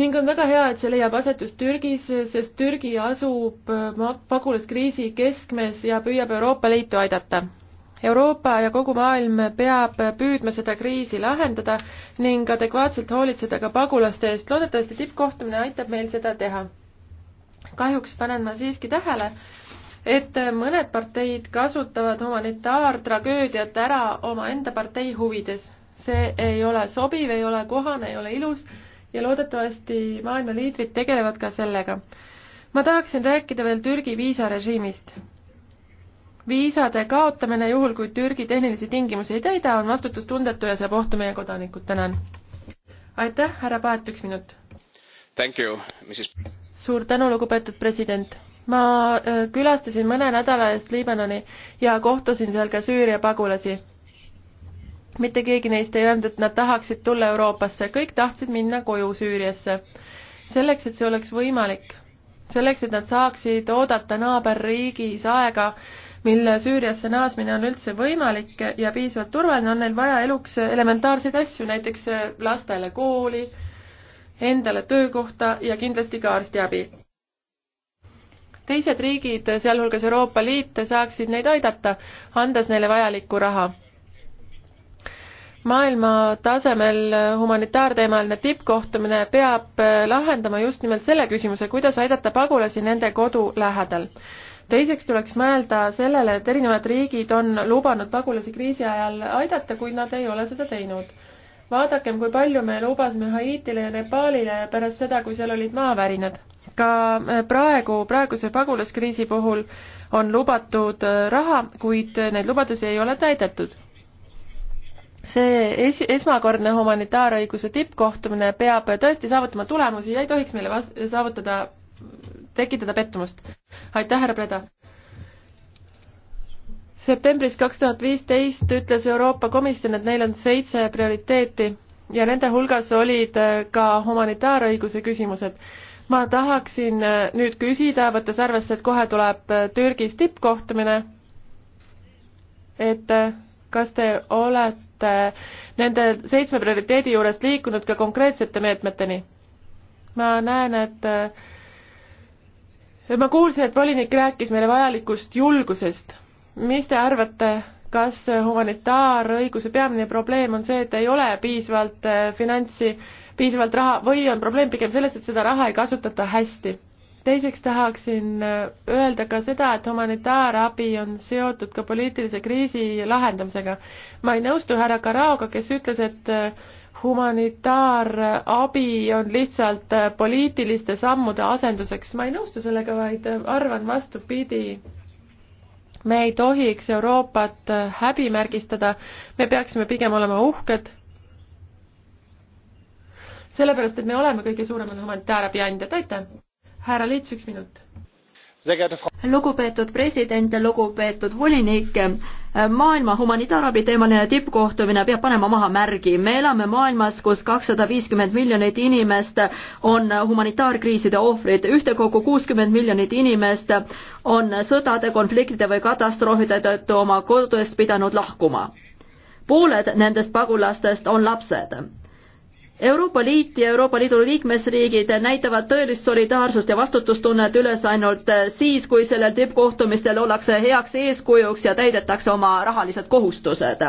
ning on väga hea, et see leiab aset just Türgis, sest Türgi asub pagulaskriisi keskmes ja püüab Euroopa Liitu aidata. Euroopa ja kogu maailm peab püüdma seda kriisi lahendada ning adekvaatselt hoolitseda ka pagulaste eest. loodetavasti tippkohtumine aitab meil seda teha. kahjuks panen ma siiski tähele, et mõned parteid kasutavad humanitaartragöödiat ära omaenda partei huvides. see ei ole sobiv, ei ole kohane, ei ole ilus ja loodetavasti maailma liidrid tegelevad ka sellega. ma tahaksin rääkida veel Türgi viisarežiimist viisade kaotamine juhul, kui Türgi tehnilisi tingimusi ei täida, on vastutustundetu ja saab ohtu meie kodanikud, tänan. aitäh, härra Paet, üks minut. suur tänu, lugupeetud president. ma äh, külastasin mõne nädala eest Liibanoni ja kohtusin seal ka Süüria pagulasi. mitte keegi neist ei öelnud, et nad tahaksid tulla Euroopasse, kõik tahtsid minna koju Süüriasse. selleks, et see oleks võimalik selleks, et nad saaksid oodata naaberriigis aega, mil Süüriasse naasmine on üldse võimalik ja piisavalt turvaline, on neil vaja eluks elementaarseid asju, näiteks äh, lastele kooli, endale töökohta ja kindlasti ka arstiabi. teised riigid, sealhulgas Euroopa Liit, saaksid neid aidata, andes neile vajalikku raha maailma tasemel humanitaarteemaline tippkohtumine peab äh, lahendama just nimelt selle küsimuse, kuidas aidata pagulasi nende kodu lähedal teiseks tuleks mõelda sellele, et erinevad riigid on lubanud pagulasi kriisi ajal aidata, kuid nad ei ole seda teinud. vaadakem, kui palju me lubasime Haitile ja Nepaalile pärast seda, kui seal olid maavärinad. ka äh, praegu, praeguse pagulaskriisi puhul on lubatud äh, raha, kuid neid lubadusi ei ole täidetud see es-, esmakordne humanitaarõiguse tippkohtumine peab tõesti saavutama tulemusi ja ei tohiks meile vas-, saavutada tekitada pettumust. aitäh, härra Preda! septembris kaks tuhat viisteist ütles Euroopa Komisjon, et neil on seitse prioriteeti ja nende hulgas olid äh, ka humanitaarõiguse küsimused. ma tahaksin äh, nüüd küsida, võttes arvesse, et kohe tuleb äh, Türgis tippkohtumine, et kas te olete nende seitsme prioriteedi juurest liikunud ka konkreetsete meetmeteni? ma näen, et ma kuulsin, et volinik rääkis meile vajalikust julgusest. mis te arvate, kas humanitaarõiguse peamine probleem on see, et ei ole piisavalt äh, finantsi, piisavalt raha või on probleem pigem selles, et seda raha ei kasutata hästi? teiseks tahaksin äh, öelda ka seda, et humanitaarabi on seotud ka poliitilise kriisi lahendamisega. ma ei nõustu härra Karaoga, kes ütles, et äh, humanitaarabi on lihtsalt äh, poliitiliste sammude asenduseks. ma ei nõustu sellega, vaid äh, arvan vastupidi. me ei tohiks Euroopat äh, häbimärgistada, me peaksime pigem olema uhked. sellepärast, et me oleme kõige suuremad humanitaarabi andjad, aitäh! härra Liits, üks minut lugupeetud president, lugupeetud volinik, maailma humanitaarabi teemaline tippkohtumine peab panema maha märgi. me elame maailmas, kus kakssada viiskümmend miljonit inimest on humanitaarkriiside ohvrid, ühtekokku kuuskümmend miljonit inimest on sõdade, konfliktide või katastroofide tõttu oma kodudest pidanud lahkuma. pooled nendest pagulastest on lapsed Euroopa Liit ja Euroopa Liidu liikmesriigid näitavad tõelist solidaarsust ja vastutustunnet üles ainult siis, kui sellel tippkohtumistel ollakse heaks eeskujuks ja täidetakse oma rahalised kohustused.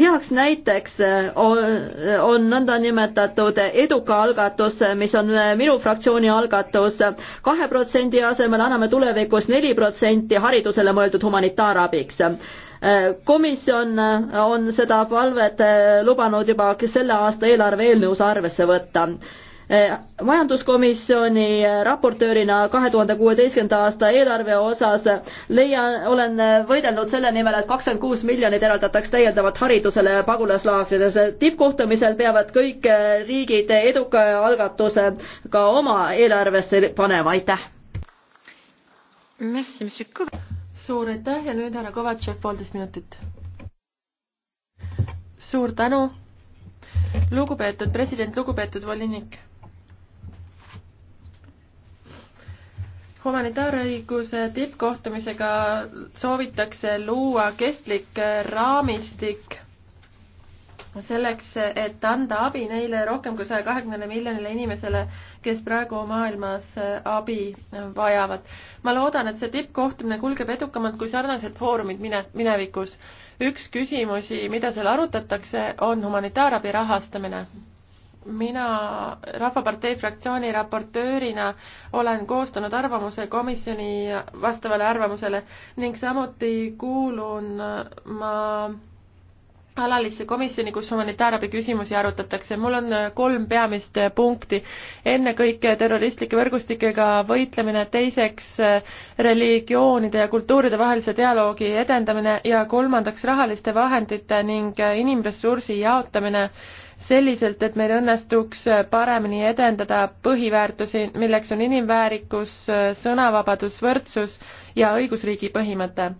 heaks näiteks on, on nõndanimetatud eduka algatus, mis on minu fraktsiooni algatus, kahe protsendi asemel anname tulevikus neli protsenti haridusele mõeldud humanitaarabiks Äh, komisjon äh, on seda palvet äh, lubanud juba selle aasta eelarve eelnõus arvesse võtta majanduskomisjoni raportöörina kahe tuhande kuueteistkümnenda aasta eelarve osas leian, olen võidelnud selle nimel, et kakskümmend kuus miljonit eraldatakse täiendavalt haridusele pagulaslaagrides. tippkohtumisel peavad kõik riigid eduka algatuse ka oma eelarvesse panema, aitäh! suur aitäh ja nüüd härra Kovatšev, poolteist minutit. suur tänu, lugupeetud president, lugupeetud volinik humanitaarõiguse tippkohtumisega soovitakse luua kestlik raamistik selleks, et anda abi neile rohkem kui saja kahekümnele miljonile inimesele, kes praegu maailmas äh, abi äh, vajavad. ma loodan, et see tippkohtumine kulgeb edukamalt kui sarnased foorumid mine-, minevikus. üks küsimusi, mida seal arutatakse, on humanitaarabi rahastamine mina Rahvapartei fraktsiooni raportöörina olen koostanud arvamuse komisjoni vastavale arvamusele ning samuti kuulun äh, ma alalisse komisjoni, kus humanitaarabi küsimusi arutatakse. mul on äh, kolm peamist äh, punkti. ennekõike terroristlike võrgustikega võitlemine, teiseks äh, religioonide ja kultuuride vahelise dialoogi edendamine ja kolmandaks rahaliste vahendite ning inimressursi jaotamine äh, selliselt, et meil õnnestuks äh, paremini edendada põhiväärtusi, milleks on inimväärikus, äh, sõnavabadus, võrdsus ja õigusriigi põhimõte.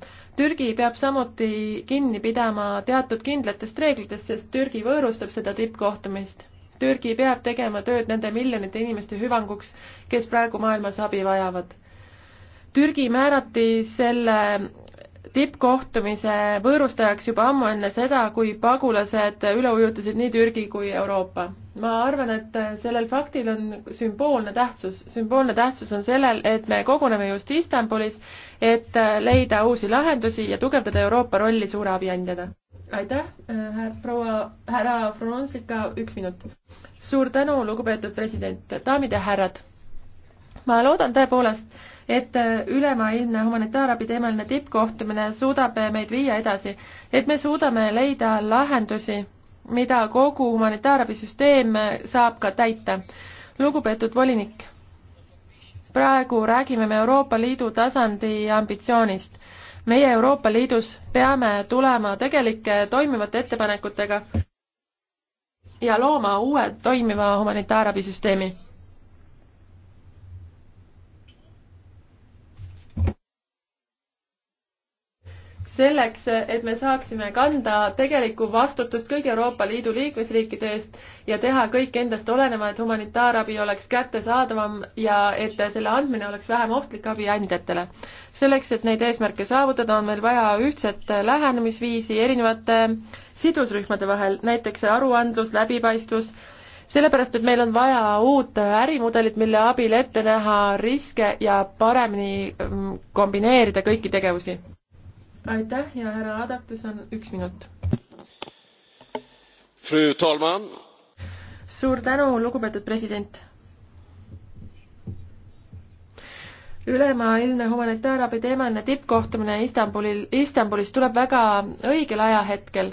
Türgi peab samuti kinni pidama teatud kindlatest reeglitest, sest Türgi võõrustab seda tippkohtumist. Türgi peab tegema tööd nende miljonite inimeste hüvanguks, kes praegu maailmas abi vajavad Türgi määrati selle tippkohtumise võõrustajaks juba ammu enne seda, kui pagulased üle ujutasid nii Türgi kui Euroopa. ma arvan, et sellel faktil on sümboolne tähtsus. sümboolne tähtsus on sellel, et me koguneme just Istanbulis, et leida uusi lahendusi ja tugevdada Euroopa rolli suure abiandjana. aitäh, proua, härra Fronsika, üks minut. suur tänu, lugupeetud president, daamid ja härrad. ma loodan tõepoolest, et ülemaailmne humanitaarabi teemaline tippkohtumine suudab meid viia edasi, et me suudame leida lahendusi, mida kogu humanitaarabisüsteem saab ka täita. lugupeetud volinik, praegu räägime me Euroopa Liidu tasandi ambitsioonist. meie Euroopa Liidus peame tulema tegelike toimivate ettepanekutega ja looma uue toimiva humanitaarabisüsteemi selleks, et me saaksime kanda tegelikku vastutust kõigi Euroopa Liidu liikmesriikide eest ja teha kõik endast oleneva, et humanitaarabi oleks kättesaadavam ja et selle andmine oleks vähem ohtlik abiandjatele. selleks, et neid eesmärke saavutada, on meil vaja ühtset lähenemisviisi erinevate sidusrühmade vahel, näiteks aruandlus, läbipaistvus, sellepärast, et meil on vaja uut ärimudelit, mille abil ette näha riske ja paremini mm, kombineerida kõiki tegevusi aitäh ja härra Adaktus on üks minut. suur tänu, lugupeetud president ülemaailmne humanitaarabi teemaline tippkohtumine Istanbulil, Istanbulis tuleb väga õigel ajahetkel.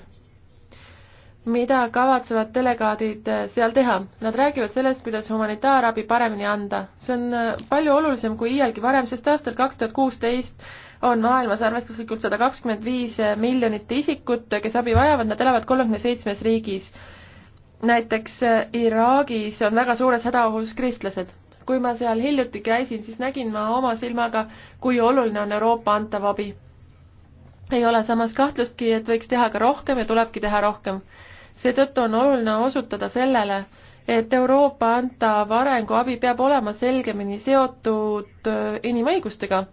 mida kavatsevad delegaadid seal teha? Nad räägivad sellest, kuidas humanitaarabi paremini anda. see on palju olulisem kui iialgi varem, sest aastal kaks tuhat kuusteist on maailmas arvestuslikult sada kakskümmend viis miljonit isikut, kes abi vajavad, nad elavad kolmekümne seitsmes riigis. näiteks äh, Iraagis on väga suures hädaohus kristlased. kui ma seal hiljuti käisin, siis nägin ma oma silmaga, kui oluline on Euroopa antav abi. ei ole samas kahtlustki, et võiks teha ka rohkem ja tulebki teha rohkem. seetõttu on oluline osutada sellele, et Euroopa antav arenguabi peab olema selgemini seotud äh, inimõigustega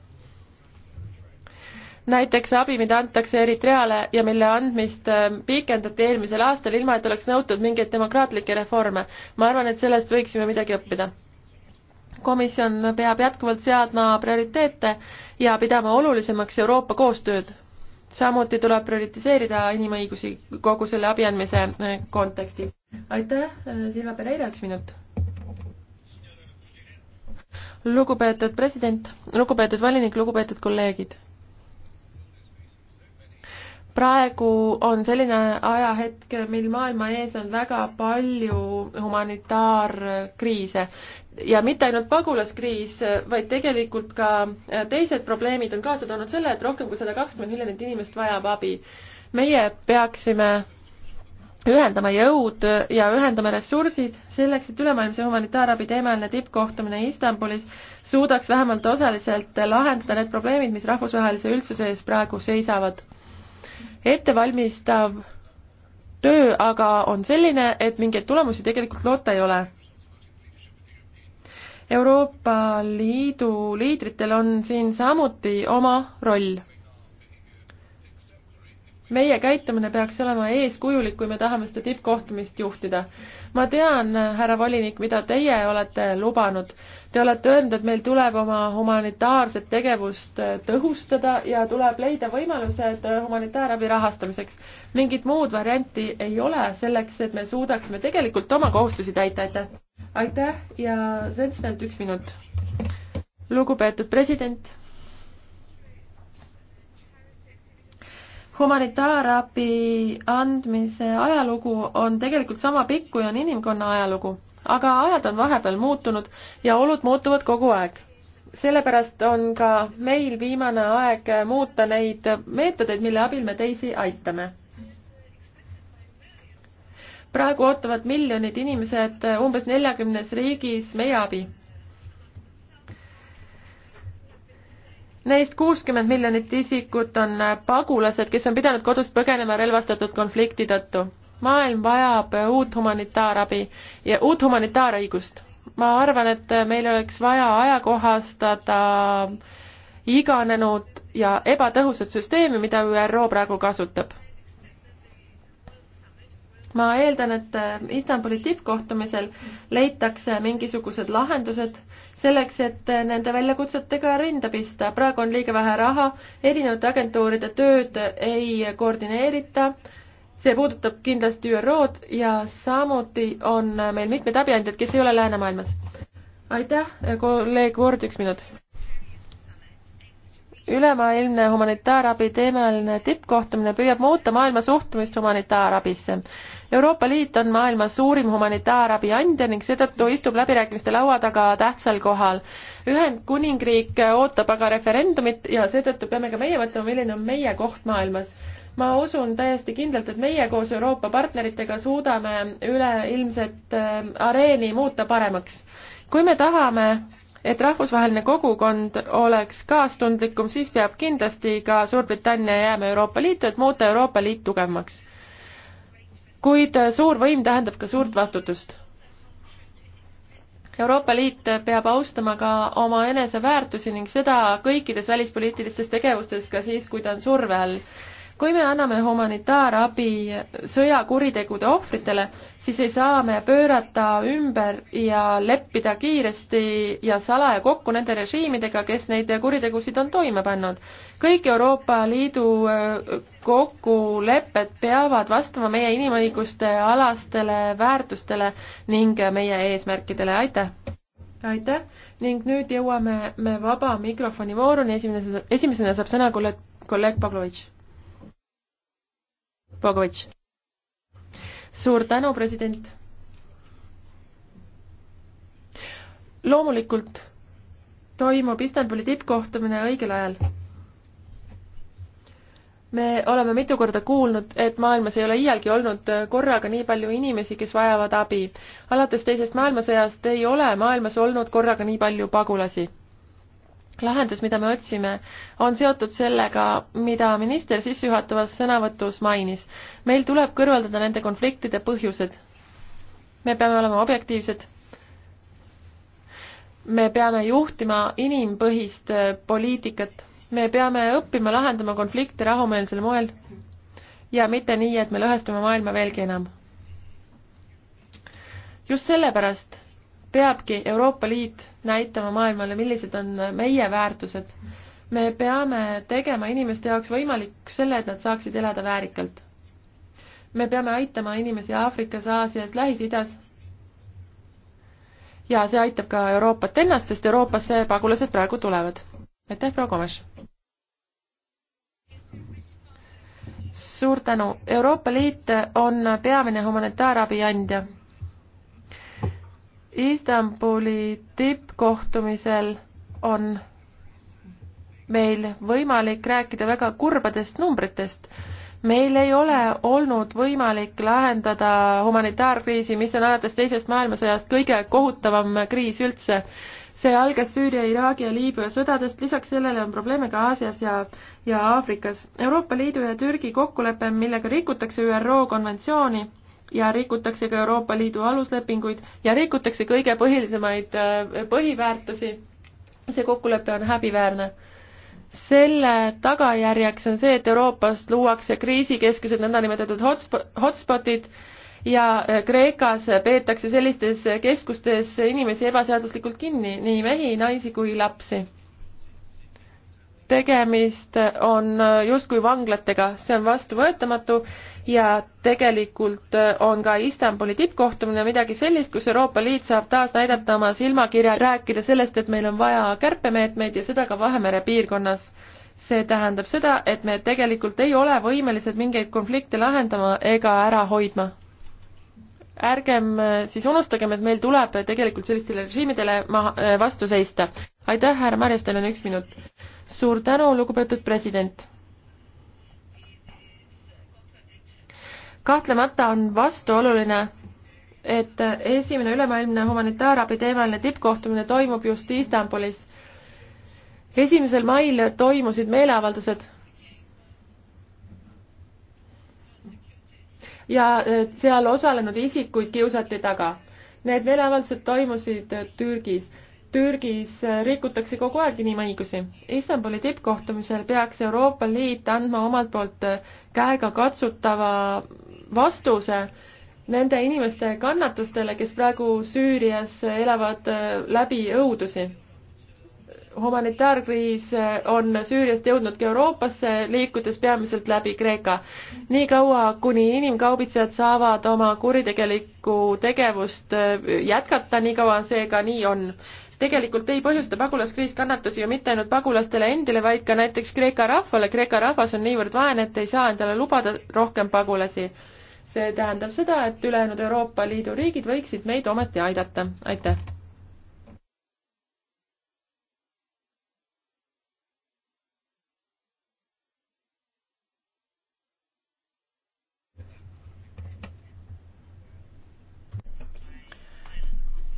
näiteks abi, mida antakse Eritreale ja mille andmist äh, pikendati eelmisel aastal, ilma et oleks nõutud mingeid demokraatlikke reforme. ma arvan, et sellest võiksime midagi õppida. komisjon peab jätkuvalt seadma prioriteete ja pidama olulisemaks Euroopa koostööd. samuti tuleb prioritiseerida inimõigusi kogu selle abi andmise äh, kontekstis. aitäh, äh, Silva Pereira, üks minut lugupeetud president, lugupeetud volinik, lugupeetud kolleegid praegu on selline ajahetk, mil maailma ees on väga palju humanitaarkriise ja mitte ainult pagulaskriis, vaid tegelikult ka äh, teised probleemid on kaasa toonud selle, et rohkem kui sada kakskümmend miljonit inimest vajab abi. meie peaksime ühendama jõud ja ühendama ressursid selleks, et ülemaailmse humanitaarabi teemaline tippkohtumine Istanbulis suudaks vähemalt osaliselt lahendada need probleemid, mis rahvusvahelise üldsuse ees praegu seisavad ettevalmistav töö aga on selline, et mingeid tulemusi tegelikult loota ei ole. Euroopa Liidu liidritel on siin samuti oma roll. meie käitumine peaks olema eeskujulik, kui me tahame seda tippkohtumist juhtida. ma tean, härra volinik, mida teie olete lubanud. Te olete öelnud, et meil tuleb oma humanitaarset tegevust äh, tõhustada ja tuleb leida võimalused äh, humanitaarabi rahastamiseks. mingit muud varianti ei ole selleks, et me suudaksime tegelikult oma kohustusi täita, aitäh. aitäh ja Sensfeld üks minut. lugupeetud president. humanitaarabi andmise ajalugu on tegelikult sama pikk, kui on inimkonna ajalugu aga ajad on vahepeal muutunud ja olud muutuvad kogu aeg. sellepärast on ka meil viimane aeg muuta neid meetodeid, mille abil me teisi aitame. praegu ootavad miljonid inimesed umbes neljakümnes riigis meie abi. Neist kuuskümmend miljonit isikut on pagulased, kes on pidanud kodust põgenema relvastatud konflikti tõttu maailm vajab äh, uut humanitaarabi ja uut humanitaarõigust. ma arvan, et äh, meil oleks vaja ajakohastada iganenud ja ebatõhusat süsteemi, mida ÜRO praegu kasutab. ma eeldan, et äh, Istanbuli tippkohtumisel leitakse mingisugused lahendused selleks, et nende väljakutsetega rinda pista. praegu on liiga vähe raha, erinevate agentuuride tööd ei koordineerita see puudutab kindlasti ÜRO-d ja samuti on meil mitmeid abiandjaid, kes ei ole läänemaailmas. aitäh, kolleeg Ward, üks minut. ülemaailmne humanitaarabi teemaline tippkohtumine püüab muuta maailma suhtumist humanitaarabisse. Euroopa Liit on maailma suurim humanitaarabi andja ning seetõttu istub läbirääkimiste laua taga tähtsal kohal. Ühendkuningriik ootab aga referendumit ja seetõttu peame ka meie mõtlema, milline on meie koht maailmas ma usun täiesti kindlalt, et meie koos Euroopa partneritega suudame üleilmset äh, areeni muuta paremaks. kui me tahame, et rahvusvaheline kogukond oleks kaastundlikum, siis peab kindlasti ka Suurbritannia jääma Euroopa Liitu, et muuta Euroopa Liit tugevamaks. kuid äh, suur võim tähendab ka suurt vastutust Euroopa Liit peab austama ka omaenese väärtusi ning seda kõikides välispoliitilistes tegevustes, ka siis, kui ta on surve all kui me anname humanitaarabi sõjakuritegude ohvritele, siis ei saa me pöörata ümber ja leppida kiiresti ja salaja kokku nende režiimidega, kes neid kuritegusid on toime pannud. kõik Euroopa Liidu äh, kokkulepped peavad vastama meie inimõiguste alastele väärtustele ning meie eesmärkidele, aitäh! aitäh ning nüüd jõuame me vaba mikrofoni vooruni, esimene, esimesena saab sõna kolleeg Pavlovitš Bogovitš. suur tänu, president. loomulikult toimub Istanbuli tippkohtumine õigel ajal. me oleme mitu korda kuulnud, et maailmas ei ole iialgi olnud korraga nii palju inimesi, kes vajavad abi. alates teisest maailmasõjast ei ole maailmas olnud korraga nii palju pagulasi lahendus, mida me otsime, on seotud sellega, mida minister sissejuhatavas sõnavõtus mainis. meil tuleb kõrvaldada nende konfliktide põhjused. me peame olema objektiivsed. me peame juhtima inimpõhist äh, poliitikat. me peame õppima lahendama konflikte rahumeelsel moel ja mitte nii, et me lõhestame maailma veelgi enam. just sellepärast peabki Euroopa Liit näitama maailmale, millised on meie väärtused. me peame tegema inimeste jaoks võimalikuks selle, et nad saaksid elada väärikalt. me peame aitama inimesi Aafrikas, Aasias, Lähis-Idas. ja see aitab ka Euroopat ennast, sest Euroopasse pagulased praegu tulevad. aitäh, proua Komes! suur tänu! Euroopa Liit on peamine humanitaarabi andja Istanbuli tippkohtumisel on meil võimalik rääkida väga kurbadest numbritest. meil ei ole olnud võimalik lahendada humanitaarkriisi, mis on alates teisest maailmasõjast kõige kohutavam kriis üldse. see algas Süüria, Iraagi ja Liibüa sõdadest, lisaks sellele on probleeme ka Aasias ja, ja Aafrikas. Euroopa Liidu ja Türgi kokkulepe, millega rikutakse ÜRO konventsiooni ja rikutakse ka Euroopa Liidu aluslepinguid ja rikutakse kõige põhilisemaid äh, põhiväärtusi. see kokkulepe on häbiväärne. selle tagajärjeks on see, et Euroopas luuakse kriisikeskused, nõndanimetatud hotspotid ja äh, Kreekas peetakse sellistes keskustes inimesi ebaseaduslikult kinni, nii mehi, naisi kui lapsi tegemist on justkui vanglatega, see on vastuvõetamatu ja tegelikult on ka Istanbuli tippkohtumine midagi sellist, kus Euroopa Liit saab taas näidata oma silmakirja, rääkida sellest, et meil on vaja kärpemeetmeid ja seda ka Vahemere piirkonnas. see tähendab seda, et me tegelikult ei ole võimelised mingeid konflikte lahendama ega ära hoidma ärgem äh, siis unustagem, et meil tuleb tegelikult sellistele režiimidele maha, äh, vastu seista. aitäh, härra Marjas, teil on üks minut. suur tänu, lugupeetud president. kahtlemata on vastuoluline, et esimene ülemaailmne humanitaarabi teemaline tippkohtumine toimub just Istanbulis. esimesel mail toimusid meeleavaldused ja seal osalenud isikuid kiusati taga. Need meeleavaldused toimusid Türgis. Türgis rikutakse kogu aeg inimõigusi. Istanbuli tippkohtumisel peaks Euroopa Liit andma omalt poolt käegakatsutava vastuse nende inimeste kannatustele, kes praegu Süürias elavad läbi õudusi humanitaarkriis eh, on Süüriast jõudnud ka Euroopasse, liikudes peamiselt läbi Kreeka. niikaua, kuni inimkaubitsejad saavad oma kuritegelikku tegevust eh, jätkata, niikaua see ka nii on tegelikult ei põhjusta pagulaskriis kannatusi ju mitte ainult pagulastele endile, vaid ka näiteks Kreeka rahvale. Kreeka rahvas on niivõrd vaene, et ei saa endale lubada rohkem pagulasi. see tähendab seda, et ülejäänud Euroopa Liidu riigid võiksid meid ometi aidata. aitäh!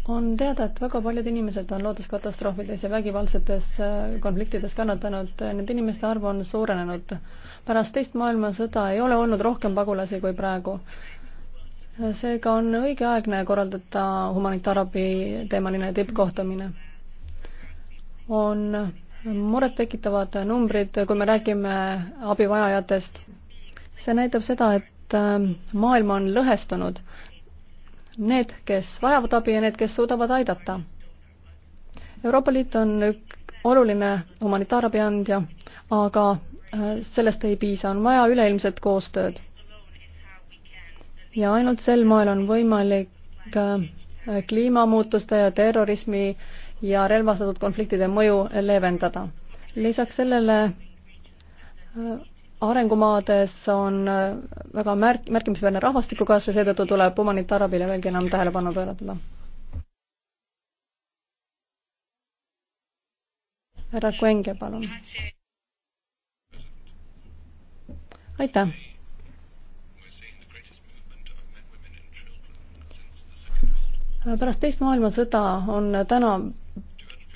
on teada, et väga paljud inimesed on looduskatastroofides ja vägivaldsetes äh, konfliktides kannatanud. Nende inimeste arv on suurenenud. pärast teist maailmasõda ei ole olnud rohkem pagulasi kui praegu. seega on õigeaegne korraldada humanitaarabi teemaline tippkohtumine. on murettekitavad numbrid, kui me räägime abivajajatest. see näitab seda, et äh, maailm on lõhestunud need, kes vajavad abi ja need, kes suudavad aidata. Euroopa Liit on oluline humanitaarabi andja, aga äh, sellest ei piisa, on vaja üleilmset koostööd. ja ainult sel moel on võimalik äh, kliimamuutuste ja terrorismi ja relvastatud konfliktide mõju leevendada. lisaks sellele äh, arengumaades on äh, väga märk-, märkimisväärne rahvastiku kasv ja seetõttu tuleb humanitaarabile veelgi enam tähelepanu pöörata. härra Kuenge, palun. aitäh. pärast teist maailmasõda on täna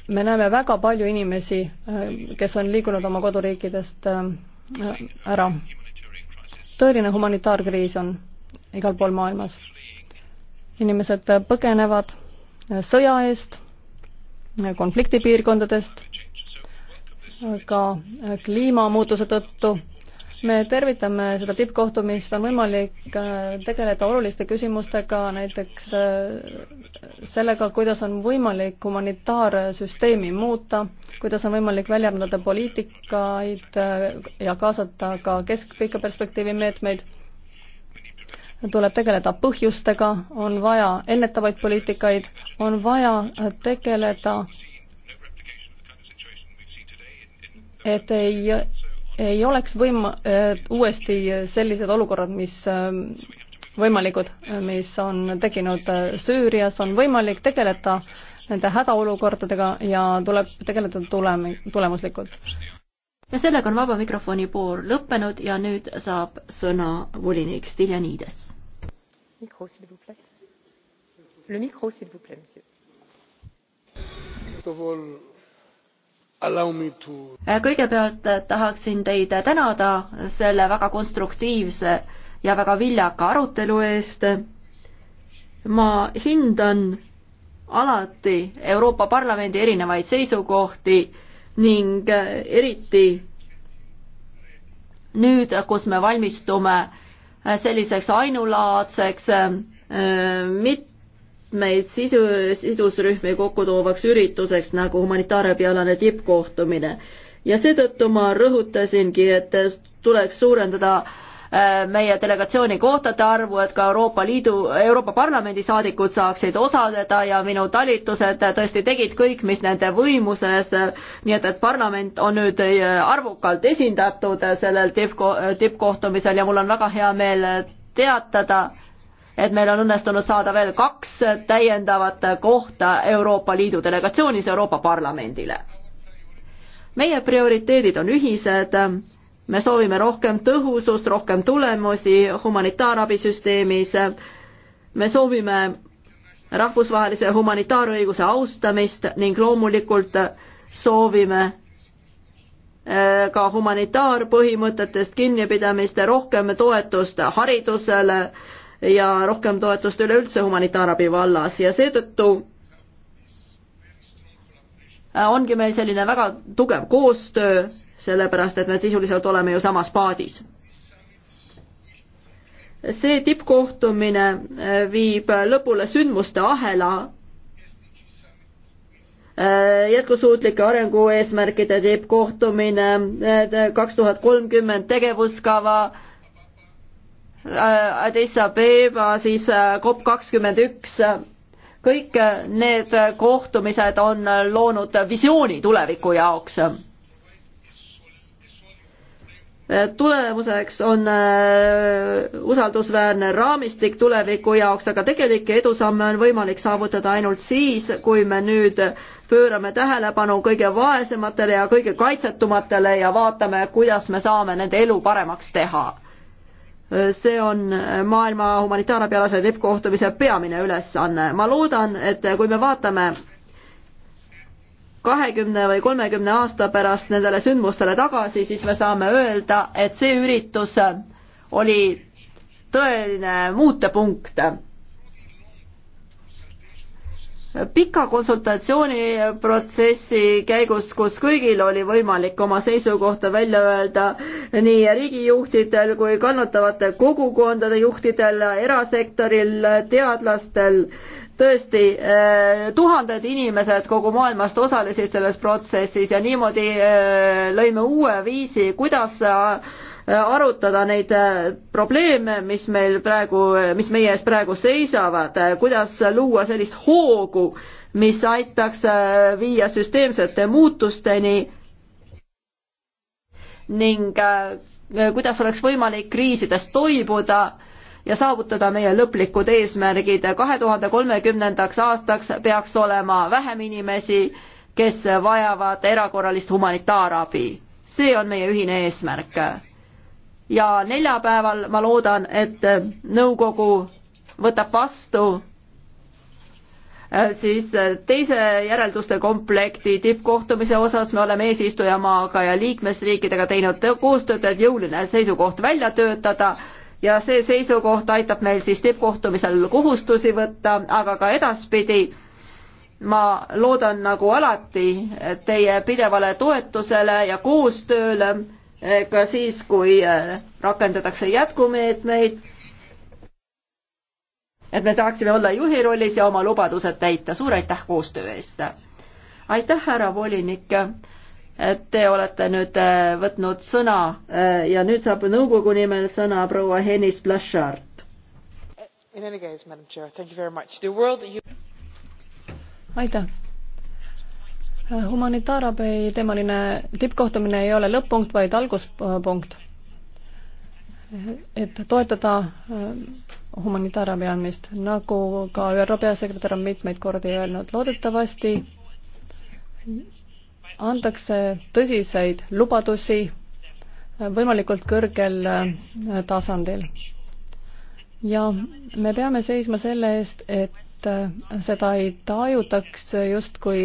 me näeme väga palju inimesi, äh, kes on liikunud oma koduriikidest äh, ära. tõeline humanitaarkriis on igal pool maailmas. inimesed põgenevad sõja eest, konfliktipiirkondadest, ka kliimamuutuse tõttu me tervitame seda tippkohtumist, on võimalik äh, tegeleda oluliste küsimustega, näiteks äh, sellega, kuidas on võimalik humanitaarsüsteemi muuta, kuidas on võimalik välja arendada poliitikaid äh, ja kaasata ka keskpika perspektiivi meetmeid. tuleb tegeleda põhjustega, on vaja ennetavaid poliitikaid, on vaja tegeleda et ei ei oleks võim-, äh, uuesti sellised olukorrad, mis äh, võimalikud, äh, mis on tekkinud Süürias, on võimalik tegeleda nende hädaolukordadega ja tuleb tegeleda tulem-, tulemuslikult. ja sellega on vaba mikrofoni pool lõppenud ja nüüd saab sõna volinik Stiljanides. mikro, s'il vous plaît. Le micro, s'il vous plaît, monsieur. Äh, kõigepealt äh, tahaksin teid äh, tänada selle väga konstruktiivse ja väga viljaka arutelu eest. ma hindan alati Euroopa Parlamendi erinevaid seisukohti ning eriti nüüd, kus me valmistume selliseks ainulaadseks, mitte meid sisu, sidusrühmi kokku toovaks ürituseks nagu humanitaarabialane tippkohtumine. ja seetõttu ma rõhutasingi, et tuleks suurendada äh, meie delegatsiooni kohtade arvu, et ka Euroopa Liidu, Euroopa Parlamendi saadikud saaksid osaleda ja minu talitused tõesti tegid kõik, mis nende võimuses, nii et, et parlament on nüüd äh, arvukalt esindatud sellel tippko-, tippkohtumisel ja mul on väga hea meel teatada, et meil on õnnestunud saada veel kaks täiendavat kohta Euroopa Liidu delegatsioonis Euroopa Parlamendile. meie prioriteedid on ühised, me soovime rohkem tõhusust, rohkem tulemusi humanitaarabisüsteemis, me soovime rahvusvahelise humanitaarõiguse austamist ning loomulikult soovime eh, ka humanitaarpõhimõtetest kinnipidamist ja rohkem toetust haridusele, ja rohkem toetust üleüldse humanitaarabi vallas ja seetõttu äh, ongi meil selline väga tugev koostöö, sellepärast et me sisuliselt oleme ju samas paadis. see tippkohtumine äh, viib lõpule sündmuste ahela äh, jätkusuutlike arengueesmärkide tippkohtumine, kaks tuhat kolmkümmend tegevuskava, Äh, Addis Abeba, siis äh, COP kakskümmend üks, kõik äh, need kohtumised on loonud visiooni tuleviku jaoks. tulemuseks on usaldusväärne raamistik tuleviku jaoks, aga tegelikke edusamme on võimalik saavutada ainult siis, kui me nüüd pöörame tähelepanu kõige vaesematele ja kõige kaitsetumatele ja vaatame, kuidas me saame nende elu paremaks teha see on maailma humanitaarabialase tippkohtumise peamine ülesanne. ma loodan, et kui me vaatame kahekümne või kolmekümne aasta pärast nendele sündmustele tagasi, siis me saame öelda, et see üritus oli tõeline muutepunkt pika konsultatsiooniprotsessi käigus, kus kõigil oli võimalik oma seisukohta välja öelda, nii riigijuhtidel kui kannatavate kogukondade juhtidel, erasektoril, teadlastel, tõesti eh, tuhanded inimesed kogu maailmast osalesid selles protsessis ja niimoodi eh, lõime uue viisi, kuidas arutada neid äh, probleeme, mis meil praegu, mis meie ees praegu seisavad, äh, kuidas luua sellist hoogu, mis aitaks äh, viia süsteemsete muutusteni ning kuidas oleks võimalik kriisidest toibuda ja saavutada meie lõplikud eesmärgid. kahe tuhande kolmekümnendaks aastaks peaks olema vähem inimesi, kes vajavad erakorralist humanitaarabi. see on meie ühine eesmärk ja neljapäeval ma loodan, et äh, nõukogu võtab vastu äh, siis äh, teise järelduste komplekti tippkohtumise osas me oleme eesistujamaaga ja liikmesriikidega teinud koostööd, et jõuline seisukoht välja töötada ja see seisukoht aitab meil siis tippkohtumisel kohustusi võtta, aga ka edaspidi ma loodan nagu alati teie pidevale toetusele ja koostööle ka siis, kui äh, rakendatakse jätkumeetmeid. et me tahaksime olla juhi rollis ja oma lubadused täita. suur aitäh koostöö eest! aitäh, härra volinik! Te olete nüüd äh, võtnud sõna äh, ja nüüd saab nõukogu nimel sõna proua Hennis Blachard. aitäh Äh, humanitaarabi teemaline tippkohtumine ei ole lõpp-punkt, vaid alguspunkt. et toetada äh, humanitaarabi andmist, nagu ka ÜRO peasekretär on mitmeid kordi öelnud, loodetavasti antakse tõsiseid lubadusi äh, võimalikult kõrgel tasandil. ja me peame seisma selle eest, et et äh, seda ei tajutaks justkui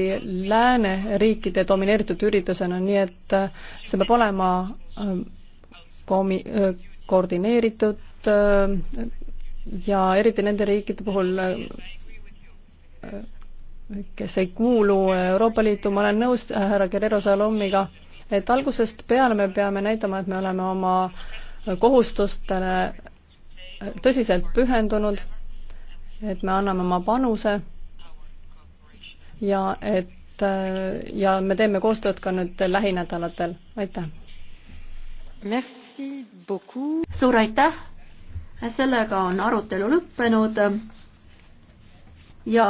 lääneriikide domineeritud üritusena, nii et äh, see peab olema äh, komi-, koordineeritud ja eriti nende riikide puhul, kes ei kuulu Euroopa Liitu, ma olen nõus härra Guerrero Salomiga, et algusest peale me peame näitama, et me oleme oma kohustustele tõsiselt pühendunud et me anname oma panuse ja et ja me teeme koostööd ka nüüd lähinädalatel, aitäh! suur aitäh! sellega on arutelu lõppenud ja